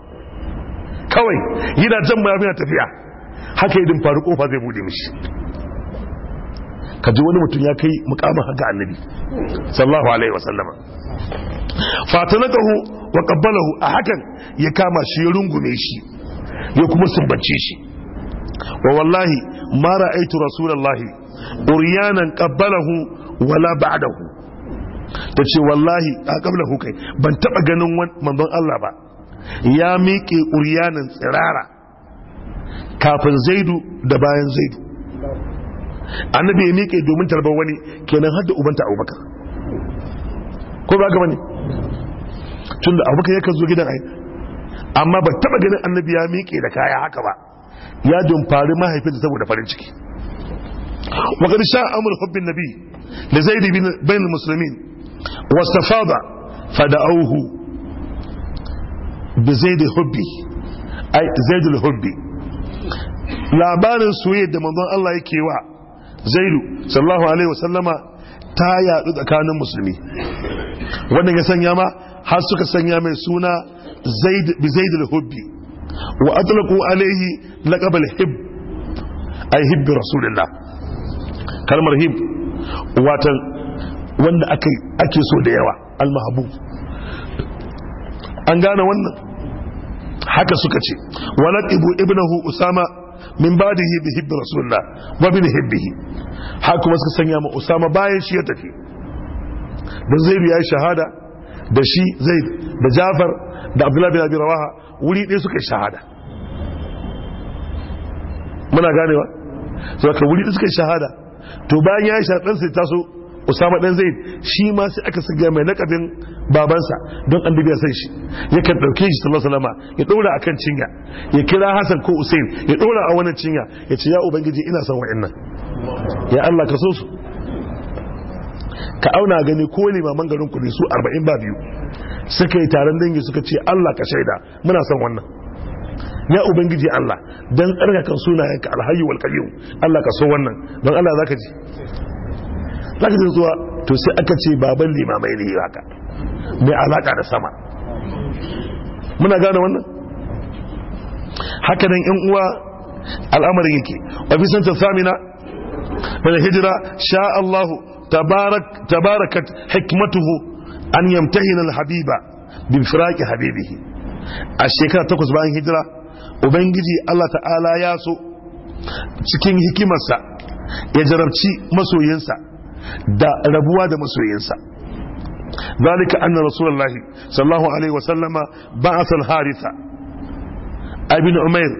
kawai yana jan mayafin na tafiya haka idan faru kofa zai bude mishi Kaji wani mutum ya kai mukamin haka annabi sallallahu alaihi wasallama fatanakahu wa qabbalahu a hakan ya kama shi ya rungume shi ya kuma sumbace shi wa wallahi mara aitu rasulullahi uriyanan qabbalahu wala ba'dahu ta ce wallahi a kabla hukai ban taba ganin manzon Allah ba ya miƙe uryanin tsirara kafin zaidu da bayan zaidu annabi ya miƙe domin tarbar wani kenan har da ubanta abubakar ko ba gaba ne tun da abubakar yakan zo gidan ai amma ba taba ganin annabi ya miƙe da kaya haka ba ya dumfari mahaifinsa saboda farin ciki وقد شاء أمر حب النبي لزيد بين المسلمين واستفاض فدعوه بزيد حبي أي زيد الحبي labarin soyayya da manzon Allah yake wa zaidu sallallahu alaihi wasallama ta yadu tsakanin musulmi wannan ya sanya ma har suka sanya mai suna zaid bi zaid al-hubbi wa atlaqu alaihi laqab al hibbi kalmar hib watan wanda ake so da yawa almahabu an gane wannan haka suka ce walad ibu ibnahu usama min badihi bi hibbi rasulullah wa bi hibbihi haka kuma suka sanya ma usama bayan shi ya tafi da zai ya yi shahada da shi zai da jafar da abdullahi bin abi rawaha wuri ɗaya suka yi shahada muna ganewa saboda wuri ɗaya suka yi shahada to bayan ya yi sharɗan ta taso usama ɗan zaid shi ma sai aka siga mai lakabin babansa don an ya san shi yakan ɗauke shi sallallahu alaihi wasallam ya dora akan cinya ya kira Hassan ko usain ya ɗaura a wannan cinya ya ce ya ubangiji ina son wa'annan ya Allah ka so su ka auna gani ko maman garin ku su 40 ba biyu suka yi taron dangi suka ce Allah ka shaida muna son wannan ya ubangiji Allah dan tsarkakan sunayenka alhayyu wal qayyum Allah ka so wannan don Allah zaka ji zaka ji zuwa to sai aka ce baban limamai ne haka mai alaka da sama muna gane wannan haka nan yan uwa al'amarin yake Ofisantar samina bil hijira. sha Allah tabarak tabarakat hikmatuhu an yamtahina al habiba bi firaqi habibihi a shekara takwas bayan hijira ubangiji Allah ta'ala ya so cikin hikimarsa ya jarabci masoyinsa da rabuwa da masoyinsa zalika anna rasulullahi sallallahu alaihi wasallama ba'asal haritha ibn umair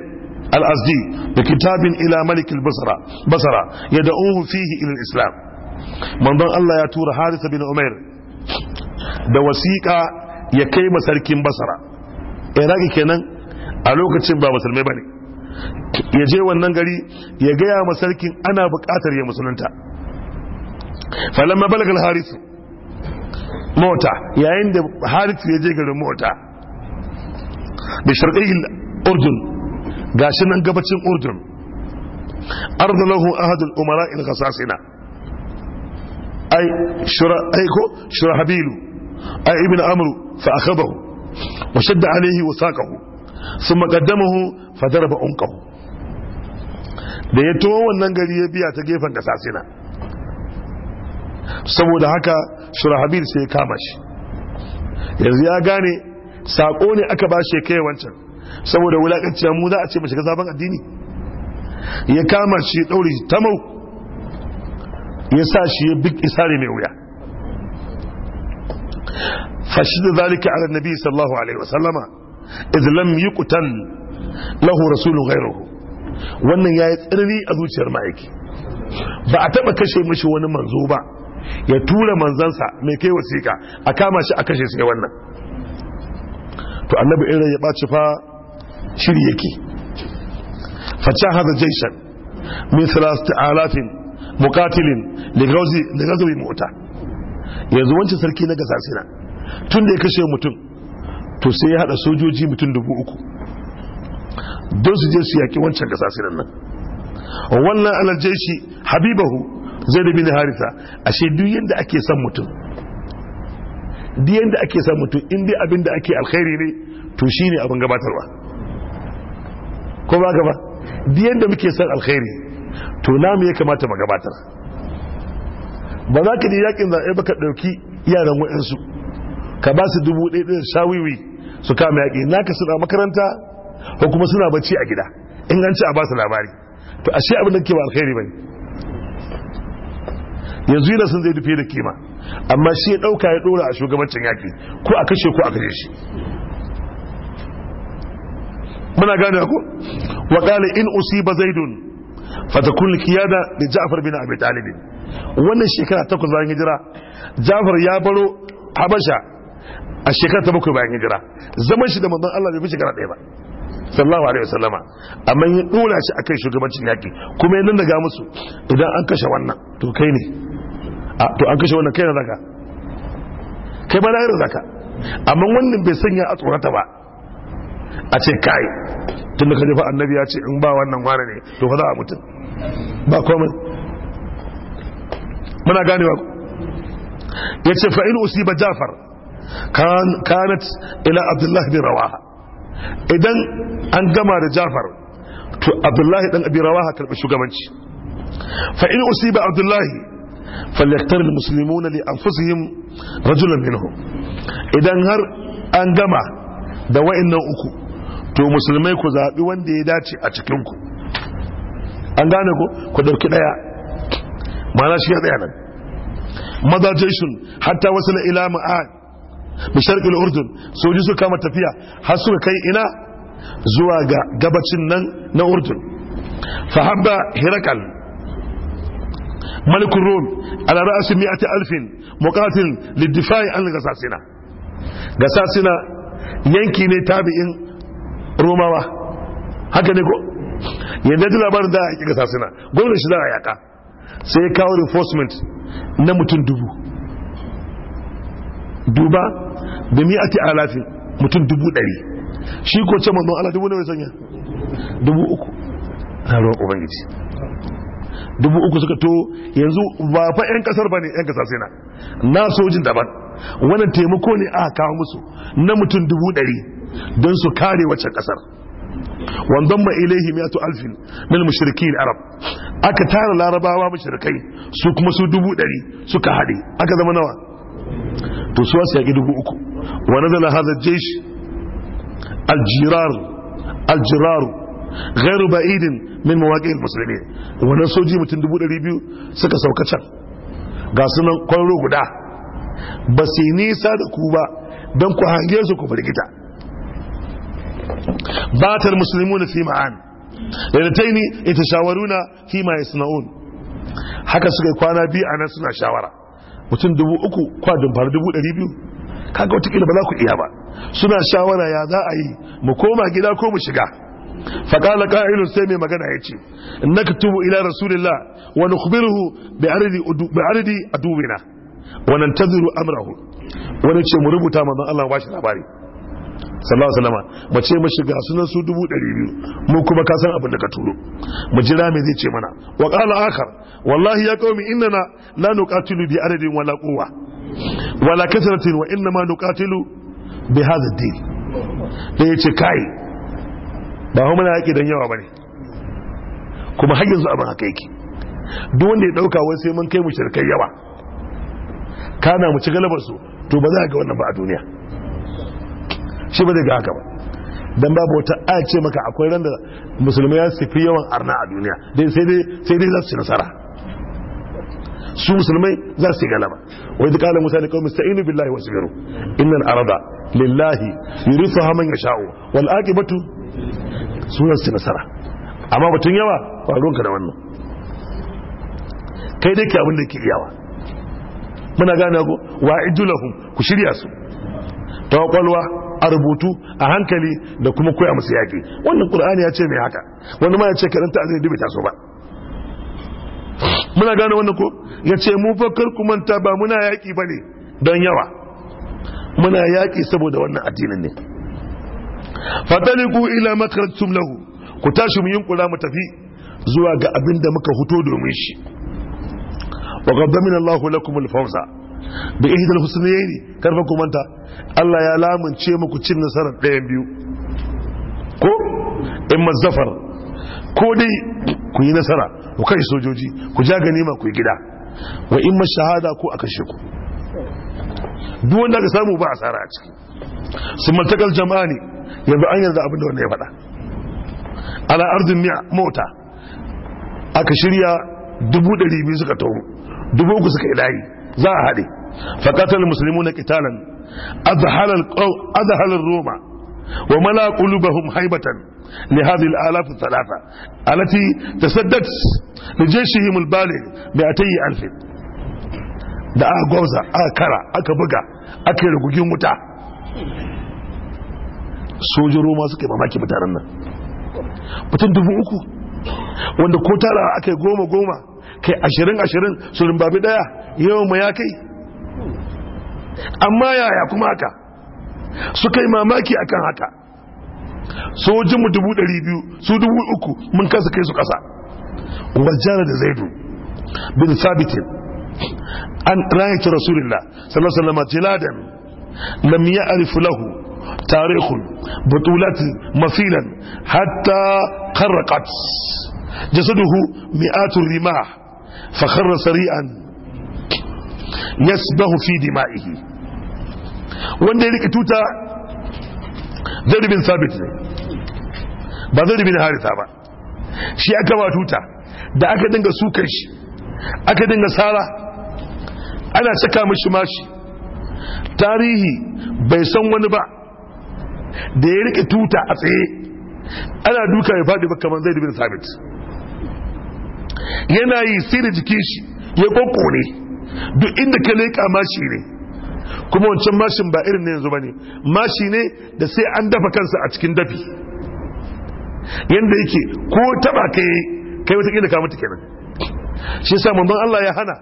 al-azdi bi kitabin ila malik al-basra basra yad'uhu fihi ila islam manzon Allah ya tura Harisa bin umair da wasiƙa ya kai masarkin basra eh ragi kenan a lokacin ba musulmai bane ya je wannan gari ya gaya ma sarkin ana buƙatar ya musulunta ma balagal harisu mota yayin da harisu ya je garin mota da sharqiyil urdun gashi nan gabacin urdun arda lahu ahadul umara in ghasasina ai shura ai ko shura habilu ai ibn amru fa akhadahu wa shadda alayhi wa saqahu sun maƙaddamahu fadar ba unkahu da ya to wannan gari ya biya ta gefen ƙasa sina saboda haka shurahabir sai ya kama shi yanzu ya gane saƙo ne aka ba shi kai wancan saboda wulaƙanciya mu za a ce mace ga sabon addini ya kama shi ya ɗaure ta mau ya sa shi ya isa isari mai wuya fashi da zalika ranar nabi sallallahu alaihi wasallama idh lam yuqtal lahu rasulun ghayruhu wannan yayi tsirri a zuciyar ma'aiki ba a taɓa kashe mishi wani manzo ba ya tura manzansa mai kai wasiƙa a kama shi a kashe sai wannan to annabi irin ya ɓaci fa shiri yake facen haza jaishan min alafin mukatilin da gazawi mota yanzu wancan sarki na gasasina tun da ya kashe mutum to sai ya hada sojoji mutum dubu uku don su je su yaki wancan ƙasa sinan nan wannan alarjai shi habibahu zai da bin harita ashe duk yadda ake son mutum duk yadda ake son mutum in dai abin da ake alkhairi ne to shi ne abin gabatarwa ko ba gaba duk yadda muke san alkhairi to namu ya kamata mu gabatar ba za ka je yakin zaɓe ba ka ɗauki yaran waɗansu? ka ba su dubu ɗaya ɗin shawiwi su kama yaƙi naka suna makaranta ko kuma suna bacci a gida in an ci a ba su labari to shi abin da ke ba alkhairi ne. yanzu yana sun zai dufe da kima amma shi ya ɗauka ya ɗora a shugabancin yaƙi ko a kashe ko a kashe shi muna gane ku wa qala in usiba zaidun fatakun kiyada da ja'far bin abi talib wannan shekara takwas bayan hijira ja'far ya baro habasha a shekara ta bakwai bayan hijira zaman shi da manzon Allah bai fi shekara ɗaya ba sallallahu alaihi wasallama amma ya dora shi akan shugabancin yaki kuma ya daga musu idan an kashe wannan to kai ne to an kashe wannan kai na zaka kai ba na zaka amma wannan bai sanya a tsorata ba a ce kai tun da kajefa annabi ya ce in ba wannan wani ne to fa za a mutum ba komai muna ganewa ya ce fa'in usiba jafar kanat ila abdullahi bin rawaha idan an gama da jafar to abdullahi dan abi rawaha karbi shugabanci fa in usiba abdullahi falyaktar almuslimuna li anfusihim rajulan minhum idan har an gama da wa'annan uku to musulmai ku zabi wanda ya dace a cikin ku an gane ku ku dauki daya ma'ana shi ya tsaya nan madajishin hatta wasu ila ma'ad bi sharqil urdun soji su kama tafiya har suka kai ina zuwa ga gabacin nan na urdun fa habba hirakal ملك الروم ala رأس alfin mukatin مقاتل للدفاع an gasasina. Gasasina yanki ne tabi'in romawa haka ne ko yadda da labarin da ake gasasina gwamnati shi za a yaka. sai kawo reinforcement na mutum dubu duba da mi'ati alafin mutum dubu ɗari shi ko ce manzon Allah dubu nawa sanya dubu uku na ruwan ubangiji dubu uku suka to yanzu ba fa 'yan kasar ba ne 'yan kasar sai na na sojin daban wannan taimako ne aka kawo musu na mutum dubu ɗari don su kare wacce kasar wanzan ma ilaihi miyatu alfin min mushriki arab aka tara larabawa mushrikai su kuma su dubu ɗari suka haɗe aka zama nawa to su wasu yaƙi dubu uku wani zala hazar jeshi aljirar aljiraru gairu ba'idin min mawaƙin musulmi wani soji mutum dubu ɗari biyu suka sauka can ga sunan kwaro guda ba su nisa da ku ba don ku hange su ku firgita batar musulmi na fi ma'an ni ita shawaruna fi ma yasna'un haka suka kwana biyu a nan suna shawara mutum dubu uku kwadin faru dubu ɗari biyu kaga watakila ba za ku iya ba suna shawara ya za a yi mu koma gida ko mu shiga fakala ƙa'ilun sai mai magana ya ce na tubu ila rasulillah wa nukhbiruhu bi ardi adubina wa nantaziru amrahu wani ce mu rubuta manzon Allah ba shi labari sallallahu alaihi wasallam mu ce mu shiga sunan su 200 mu kuma ka san abin da ka turo mu jira me zai ce mana wa qala akhar wallahi ya qaumi innana la nuqatilu bi adadin wala quwwa wala kasratin wa inna ma nuqatilu bi hadha ad-din da yace kai ba mu na yaki dan yawa bane kuma har yanzu abin haka yake duk wanda ya dauka wai sai mun kai mu shirkai yawa kana mu ci galabar su to ba za a ga wannan ba a duniya shi ba zai ga haka ba dan babu wata a ce maka akwai randa da musulmai ya sifi yawan arna a duniya dai sai dai sai dai za su nasara su musulmai za su galaba wai da kala musa ne kawai musta'inu billahi wasbiru innal arda lillahi yurithuha man yasha'u wal aqibatu sunan su nasara amma batun yawa faruwanka da wannan kai dai ke abin da ke iyawa muna gane ku wa'idu lahum ku shirya su ta kwakwalwa a rubutu a hankali da kuma koya musu yaƙi wannan ƙur'ani ya ce mai haka wani ma ya ce kaɗan ta'azini dubi taso ba muna gane wannan ko ya ce mu fakar manta ba muna yaƙi ba ne don yawa muna yaƙi saboda wannan addinin ne fataliku ila makarantun lahu ku tashi mu kula mu tafi zuwa ga abin da muka huto domin shi wa qaddamina Allahu lakum al-fawza bi ihdal husnayni karfa ku manta Allah ya lamunce muku cin nasarar ɗayan biyu ko in mazafar ko dai ku yi nasara ku kai sojoji ku ja ganima ku yi gida wa in ma shahada ko a ku duk wanda ka samu ba asara a ciki sun maltakal jama'a ne yanzu an yarda abin da wanda ya faɗa ala arzin mota aka shirya dubu ɗari biyu suka taho dubu uku suka yi layi za a haɗe fakatar musulmi na kitalan azahalar roma wa mala qulubahum haibatan li hadhihi al-alaf thalatha allati tasaddat li jayshihim al-baligh ta yi alf da aka gwauza aka kara aka buga aka yi rugugin wuta sojin roma suka yi mamaki mutanen nan mutum dubu uku wanda ko tara aka yi goma goma kai ashirin ashirin su babi daya yawan mu ya kai amma yaya kuma haka suka yi mamaki akan haka sojinmu dubu ɗari biyu su dubu uku mun kasa kai su ƙasa wajjana da zaidu bin sabitin an rayaki rasulullah sallallahu alaihi wasallam jiladan lam ya'rif lahu tarikhun hatta kharraqat jasaduhu mi'atul rimah fa kharra sari'an yasbahu fi dima'ihi wanda ya rike tuta zaid bin sabit ne ba zaid haritha ba shi aka ba tuta da aka dinga sukar shi aka dinga sara ana saka mishi mashi tarihi bai san wani ba da ya rike tuta a tsaye ana duka ya faɗi ba kamar zai bin sabit yana yi sirri jikin shi ya kokone duk inda ka leƙa mashi ne kuma wancan mashin ba irin ne yanzu ba ne mashi ne da sai an dafa kansa a cikin dafi yadda yake ko taba ka yi kai wata ƙila ka mutu kenan shi sa mamban Allah ya hana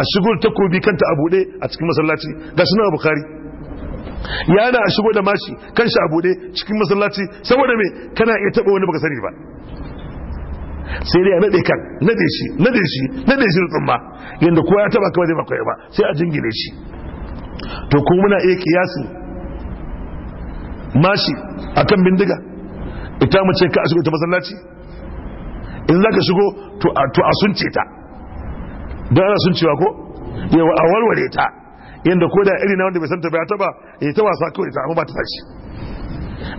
a shigo takobi kanta a buɗe a cikin masallaci ga suna bukari ya hana a shigo da mashi kanshi shi a buɗe cikin masallaci saboda mai kana iya taɓa wani baka sani ba sai dai ya nade kan nade shi nade shi nade shi ba yanda kowa ya taba kawai zai bakwai ba sai a jingine shi to kuma muna iya kiyasi mashi akan bindiga ita mu ce ka a shigo ta masallaci in za ka shigo to a sun ce ta don ana sun cewa ko yawa a warware ta yadda ko da iri na wanda bai santa bai ta taba ya ta wasa kawai ta amma ba ta tashi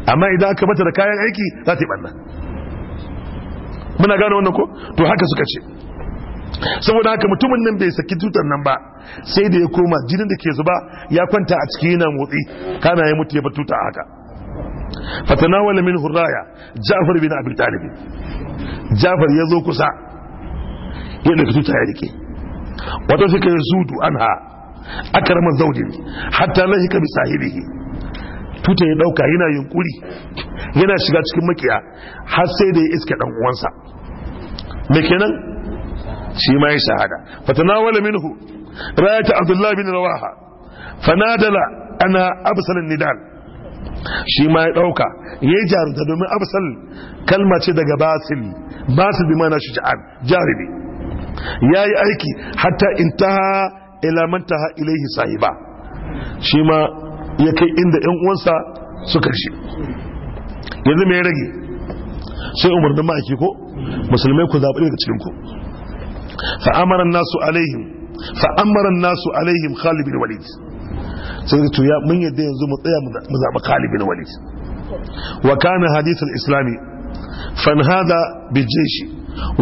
amma idan aka mata da kayan aiki za ta yi ɓanna muna gane wannan ko to haka suka ce saboda haka mutumin nan bai saki tutar nan ba sai da ya koma jinin da ke zuba ya kwanta a cikin yana motsi kana ya mutu ya bar tuta haka fatanawala min hurraya jafar bin abin talib jafar ya zo kusa ya ɗauki tuta ya rike wato suka yi zudu an ha akarama zaudin hatta lahika bi sahibihi tuta ya dauka yana yunkuri yana shiga cikin makiya har sai da ya iske dan uwansa me kenan shi ma ya shahada fatanawala minhu rayat abdullahi bin rawaha fanadala ana absal nidal shi ma ya dauka yayi jarunta domin absal kalma ce daga basil basil bi mana shuja'an jaribi yayi aiki hatta intaha ila man taha ilaihi sahiba shi ma ya kai inda yan uwansa suka shi yanzu mai rage sai umarnin ma'aiki ko musulmai ku zaɓi daga cikin ku fa'amaran nasu alaihim fa'amaran nasu alaihim khalid bin walid sai da tuya mun yadda yanzu mu tsaya mu zaɓi khalid bin walid wa kana hadithul islami fan hada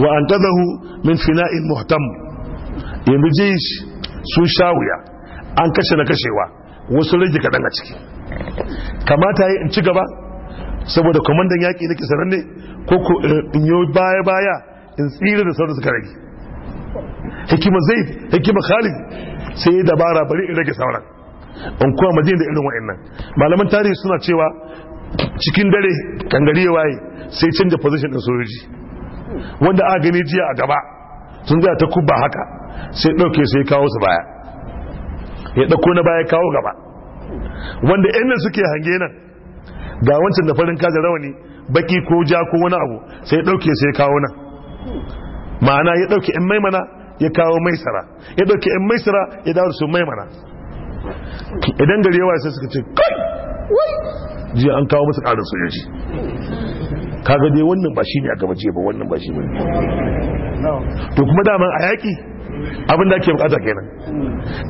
wa an min fina'in muhtam yanzu jeshi sun sha wuya an kashe na kashewa wasu rage kaɗan a ciki kamata ya in ci gaba saboda kwamandan yaƙi na kisaran ne ko eh, in yi baya baya in tsira da sauransu ka rage hikima zai hikima khalid sai ya dabara bari in rage sauran in kuwa madina da irin wa'in nan. malaman tarihi suna cewa cikin dare kangare ya waye sai canja position din sojoji wanda aka gani jiya a gaba sun zai ta kubba haka sai ɗauke sai kawo su baya ya ɗauko na baya kawo gaba wanda yan suke hange nan ga wancan da farin kaza rawani baki ko ja ko wani abu sai ya ɗauke sai ya kawo nan ma'ana ya ɗauke in maimana ya kawo maisara ya ɗauke in maisara ya dawo su maimana idan gari yawa sai suka ce kai wai jiya an kawo musu ƙarin sojoji kaga dai wannan ba shi ne a gaba jiya ba wannan ba shi ne to kuma daman a yaƙi abin da ake bukata kenan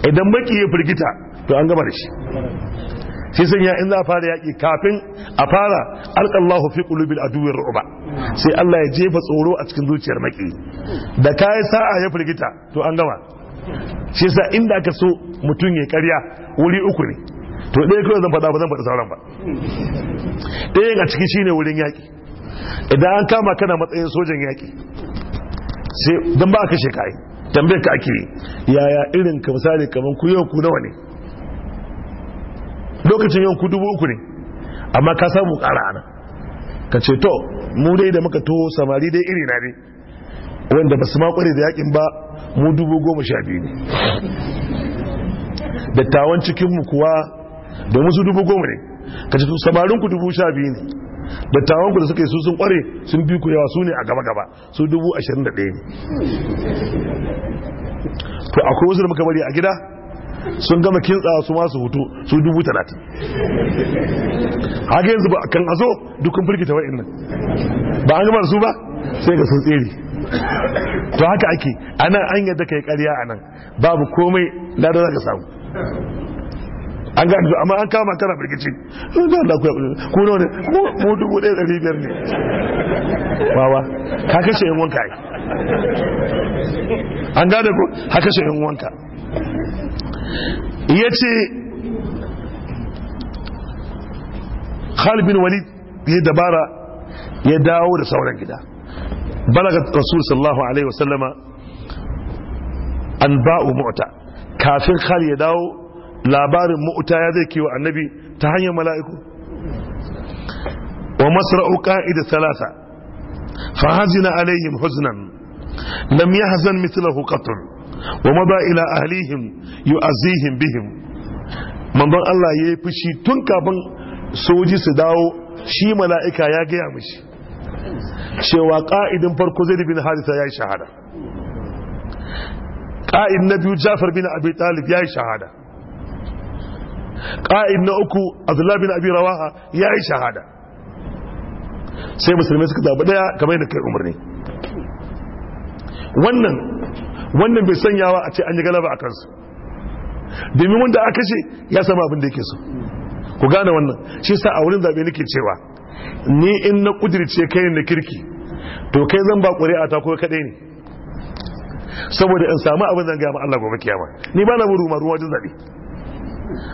idan baki ya firgita to an gama da shi sai sun ya in za fara yaƙi kafin a fara alƙallahu fi ƙulubin aduwin ru'uba sai Allah ya jefa tsoro a cikin zuciyar maki da kayan sa'a ya firgita to an gama sai sa inda aka so mutum ya karya wuri uku ne to ɗaya kawai zan faɗa ba zan faɗi sauran ba ɗayan a ciki shine wurin yaƙi idan an kama kana matsayin sojan yaƙi sai don ba ka shekai tambayar ka ake yaya irin ka misali kamar ku yau ku nawa ne lokacin yau ku dubu uku ne amma ka samu kara ana ka ce to mu dai da muka to samari dai iri na ne wanda ba su makware da yakin ba mu dubu goma sha biyu ne dattawan cikinmu kuwa domin su dubu goma ne ka ce samarin ku dubu sha biyu ne dattawanku da suka yi su sun kware sun bi ku yawa su ne a gaba gaba su dubu ashirin da ɗaya to akwai wasu da muka bari a gida sun gama kintsa su masu hutu su dubu talatin haka yanzu ba kan azo dukkan firgita wa'in nan ba an gama su ba sai ga sun tsere to haka ake ana an yadda kai karya a nan babu komai lada za ka samu an ga su amma an kama kana birkici eh, ku ne mu dubu ɗaya ɗari biyar ne wawa ka kashe yin wanka yi an gane ku ha kashe yin wanka ya ce khalibin walid ya dabara ya dawo da sauran gida Balaga rasul sallallahu alaihi wasallama an ba'u mu'ta kafin khali ya dawo labarin mu'uta ya zai kewa annabi ta hanyar mala'iku wa masra'u ka'ida salasa fa hazina alaihim huznan lam yahzan mithluhu qatl wa mada ila ahlihim yu'azihim bihim manzon Allah yayi fushi tun kafin soji su dawo shi mala'ika ya gaya mishi cewa ka'idin farko Zaid bin Haritha yayi shahada ka'id na biyu Ja'far bin Abi Talib yayi shahada ƙa'id na uku abdullahi bin abi rawaha ya yi shahada sai musulmai suka zaɓi ɗaya kamar yadda kai umarni wannan wannan bai sanyawa a ce an yi galaba a kansu domin wanda aka ce ya sama abin da yake so ku gane wannan shi sa a wurin zaɓe nake cewa ni in na kudirce kai na kirki to kai zan ba ƙuri'a ta ko kaɗai ne saboda in samu abin zan gaya ma Allah gobe kiyama ni ba na buru ma ruwa jin zaɓe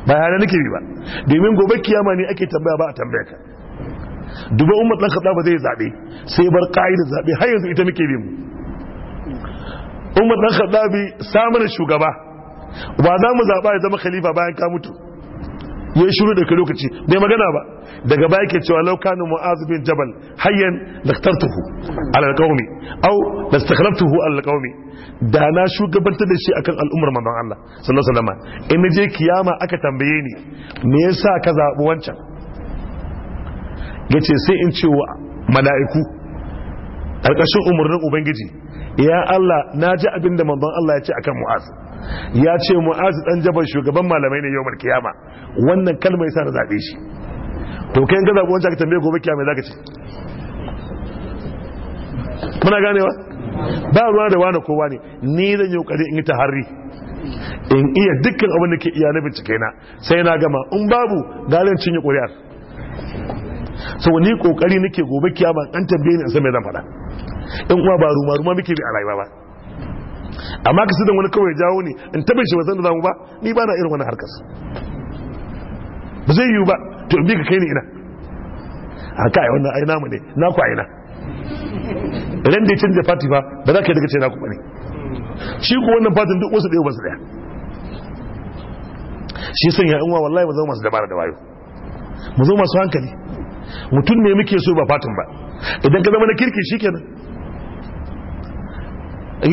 ba yana nake bi ba domin gobe kiyama ne ake tambaya ba a tambaya ka duba umar ɗan kaɗa ba zai zaɓe sai bar da zaɓe har yanzu ita muke bi mu umar ɗan kaɗa bi samun shugaba ba za mu zaɓa ya zama khalifa bayan ka mutu ya shiru da lokaci bai magana ba daga baya ke cewa laukanu mu'azu bin jabal hayyan daktartuhu alal au aw tuhu a qaumi da na shugabanta da shi akan al'ummar mamman Allah sannan salama je kiyama aka tambaye ni me yasa ka zabi wancan yace sai in ce wa mala'iku alƙashin umarnin ubangiji ya Allah na ji abin da mamman Allah ya ce akan mu'azu ya ce mu'azu dan jabal shugaban malamai ne yawmar kiyama wannan kalma yasa na zabe shi to kai ga zabi wancan ka tambaye gobe kiyama zaka ce muna ganewa ba ruwa da wani kowa ne ni zan yi kokari in yi tahari in iya dukkan abin da ke iya na bincike na sai na gama in babu galin cinye ƙuri'ar sau ni kokari nake gobe kiyama an tambaye ni in san me zan faɗa in kuma ba ruma ruma muke bi a rayuwa ba amma ka sidan wani kawai jawo ne in taɓa shi ba zan zamu ba ni ba na irin wani harkas ba zai yiwu ba to bi ka kai ni ina haka ai wannan ai namu ne na ku aina ran da ya canja fati ba ba za ka yi daga ce na ku bane shi ku wannan fatin duk wasu yau ba su ɗaya shi sun ya'in wa wallahi mu zama masu dabara da wayo mu zama masu hankali mutum ne muke so ba fatin ba idan ka zama na kirki shi kenan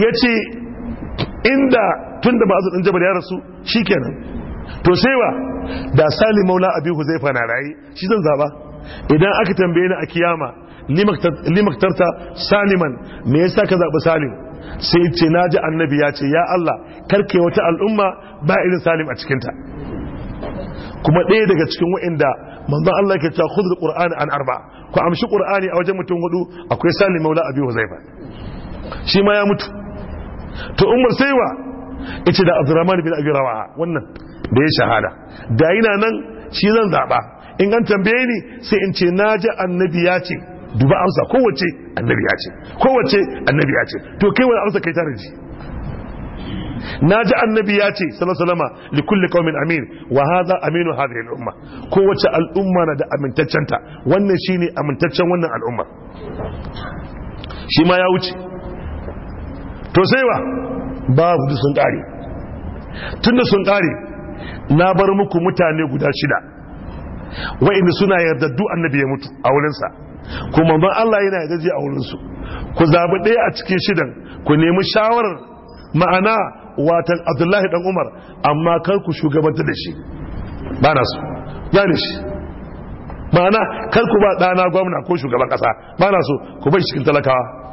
ya ce inda tun da ma'azu ɗin jabar ya rasu shi kenan to sai da sali maula abi huzaifa na raye shi zan zaba idan aka tambaye ni a kiyama limaktarta saliman me yasa ka zaɓi salim sai ce na ji annabi ya ce ya Allah karke wata al'umma ba irin salim a cikinta kuma ɗaya daga cikin wa'inda manzon Allah ke cewa kudur alquran an arba ku amshi Kur'ani a wajen mutum hudu akwai salim maula abi huzaifa shi ma ya mutu to umar saiwa ita da abdurrahman bin abi rawaha wannan da ya shahada da ina nan shi zan zaba in an tambaye ni sai in ce naji annabi ya ce duba amsa kowace annabi ya ce kowace annabi ya ce to kai wani amsa kai tare ji na annabi ya ce salasalama likulli qaumin amin wa hadha aminu hadhihi al'umma kowace al'umma na da amintaccenta wannan shine amintaccen wannan al'umma shi ma ya wuce to sai ba babu sun kare tun da sun kare na bar muku mutane guda shida wa'inda suna yarda duk annabi ya mutu a wurinsa kuma ban Allah yana je a wurinsu ku zaɓi ɗaya a cikin shidan ku nemi shawarar ma'ana watan abdullahi dan umar amma kar ku shugabanta da shi ba na so Ya ne shi ma'ana kar ku ba ɗana gwamna ko shugaban ƙasa ba na so ku bai cikin talakawa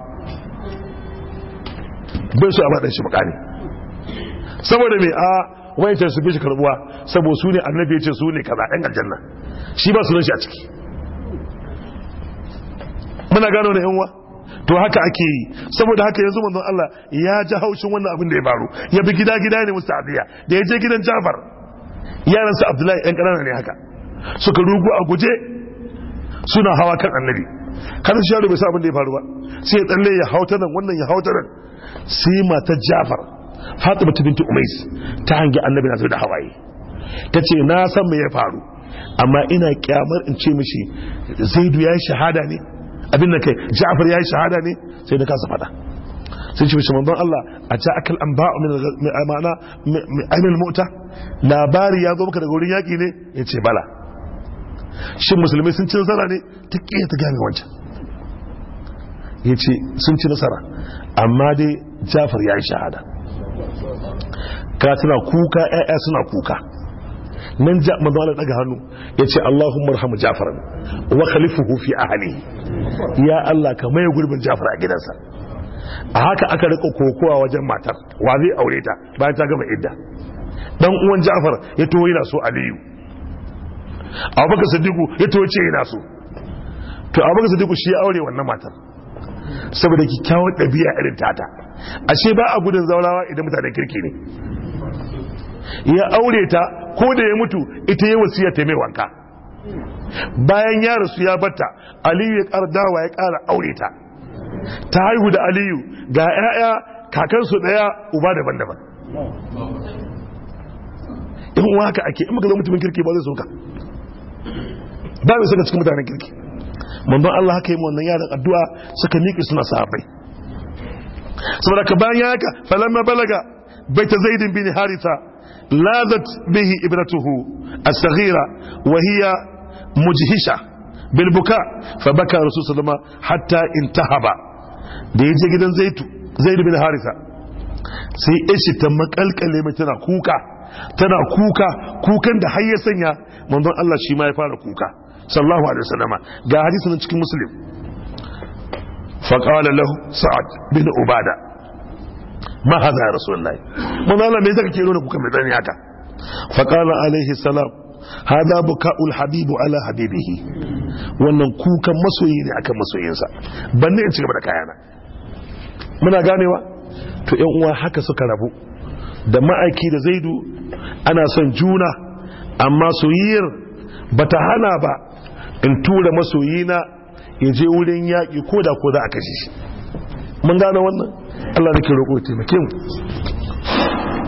bai su a baɗin shi makani saboda mai a wayancan su fi shi karbuwa saboda su ne annabi ce su ne kaza ɗan aljanna shi ba sunan shi a ciki muna gano da yanwa to haka ake yi saboda haka yanzu manzon Allah ya ji haushin wannan abin da ya faru ya bi gida gida ne musta'adiya da ya je gidan Jafar yaransa Abdullahi ɗan ƙanana ne haka suka rugu a guje suna hawa kan annabi kada shi yaro bai sa abin da ya faru ba sai ya tsalle ya hauta nan wannan ya hauta nan sai matar jafar fatima ta binti umais ta hangi annabi na da hawaye ta ce na san me ya faru amma ina kyamar in ce mishi zaidu ya yi shahada ne abin da kai jafar ya yi shahada ne sai na kasa faɗa sai ce mishi manzon Allah a ja akal an ba'u min amana ainihin mota labari ya zo maka daga wurin yaƙi ne ya ce bala shin musulmi sun ci nasara ne ta ƙi ta gane wancan ya ce sun ci nasara amma dai jafar ya yi shahada ka tana kuka ya'ya suna kuka nan ja mazala daga hannu ya ce Allahun marhamu jafar wa hufi a hali ya Allah ka maye gurbin jafar a gidansa a haka aka rika kokowa wajen matar wa zai aure ta bayan ta gama idda dan uwan jafar ya to yana so aliyu abubakar sadiku ya to ce yana so to abubakar sadiku shi ya aure wannan matar saboda kyakkyawar ɗabi'a irin tata ashe ba a gudun zaurawa idan mutane kirki ne ya aure ta ko da ya mutu ita ya wasiya ta mai wanka bayan ya rasu ya batta aliyu ya ƙara dawa ya ƙara aure ta ta haihu da aliyu ga 'ya'ya kakansu ɗaya uba daban-daban in waka ake in maka zama mutumin kirki ba zai soka ba mai saka cikin mutanen kirki manzon Allah haka yi wannan yaran addu'a suka miƙe suna sahabbai saboda ka bayan haka falamma balaga baita zaidin bin haritha lazat bihi ibnatuhu as-saghira wa hiya mujhisha bil buka fa baka rasul sallama hatta intahaba da yaje gidan zaitu zaid bin haritha sai ishi ta makalkale mai tana kuka tana kuka kukan da har ya sanya manzon Allah shi ma ya fara kuka sallallahu alaihi wasallama ga hadisi na cikin muslim faqala lahu sa'ad bin ubada ma hadha ya rasulullahi mun Allah me zaka kero ne kuka mai dani haka faqala alaihi salam hada buka'ul habibu ala habibihi wannan kukan masoyi ne akan masoyinsa ne in ci gaba da kayana muna ganewa to yan uwa haka suka rabu da ma'aiki da zaidu ana son juna amma soyayyar bata hana ba in tura masoyina ya je wurin yaƙi ko da ko za a kashe shi mun gano wannan Allah da ke roƙo taimake mu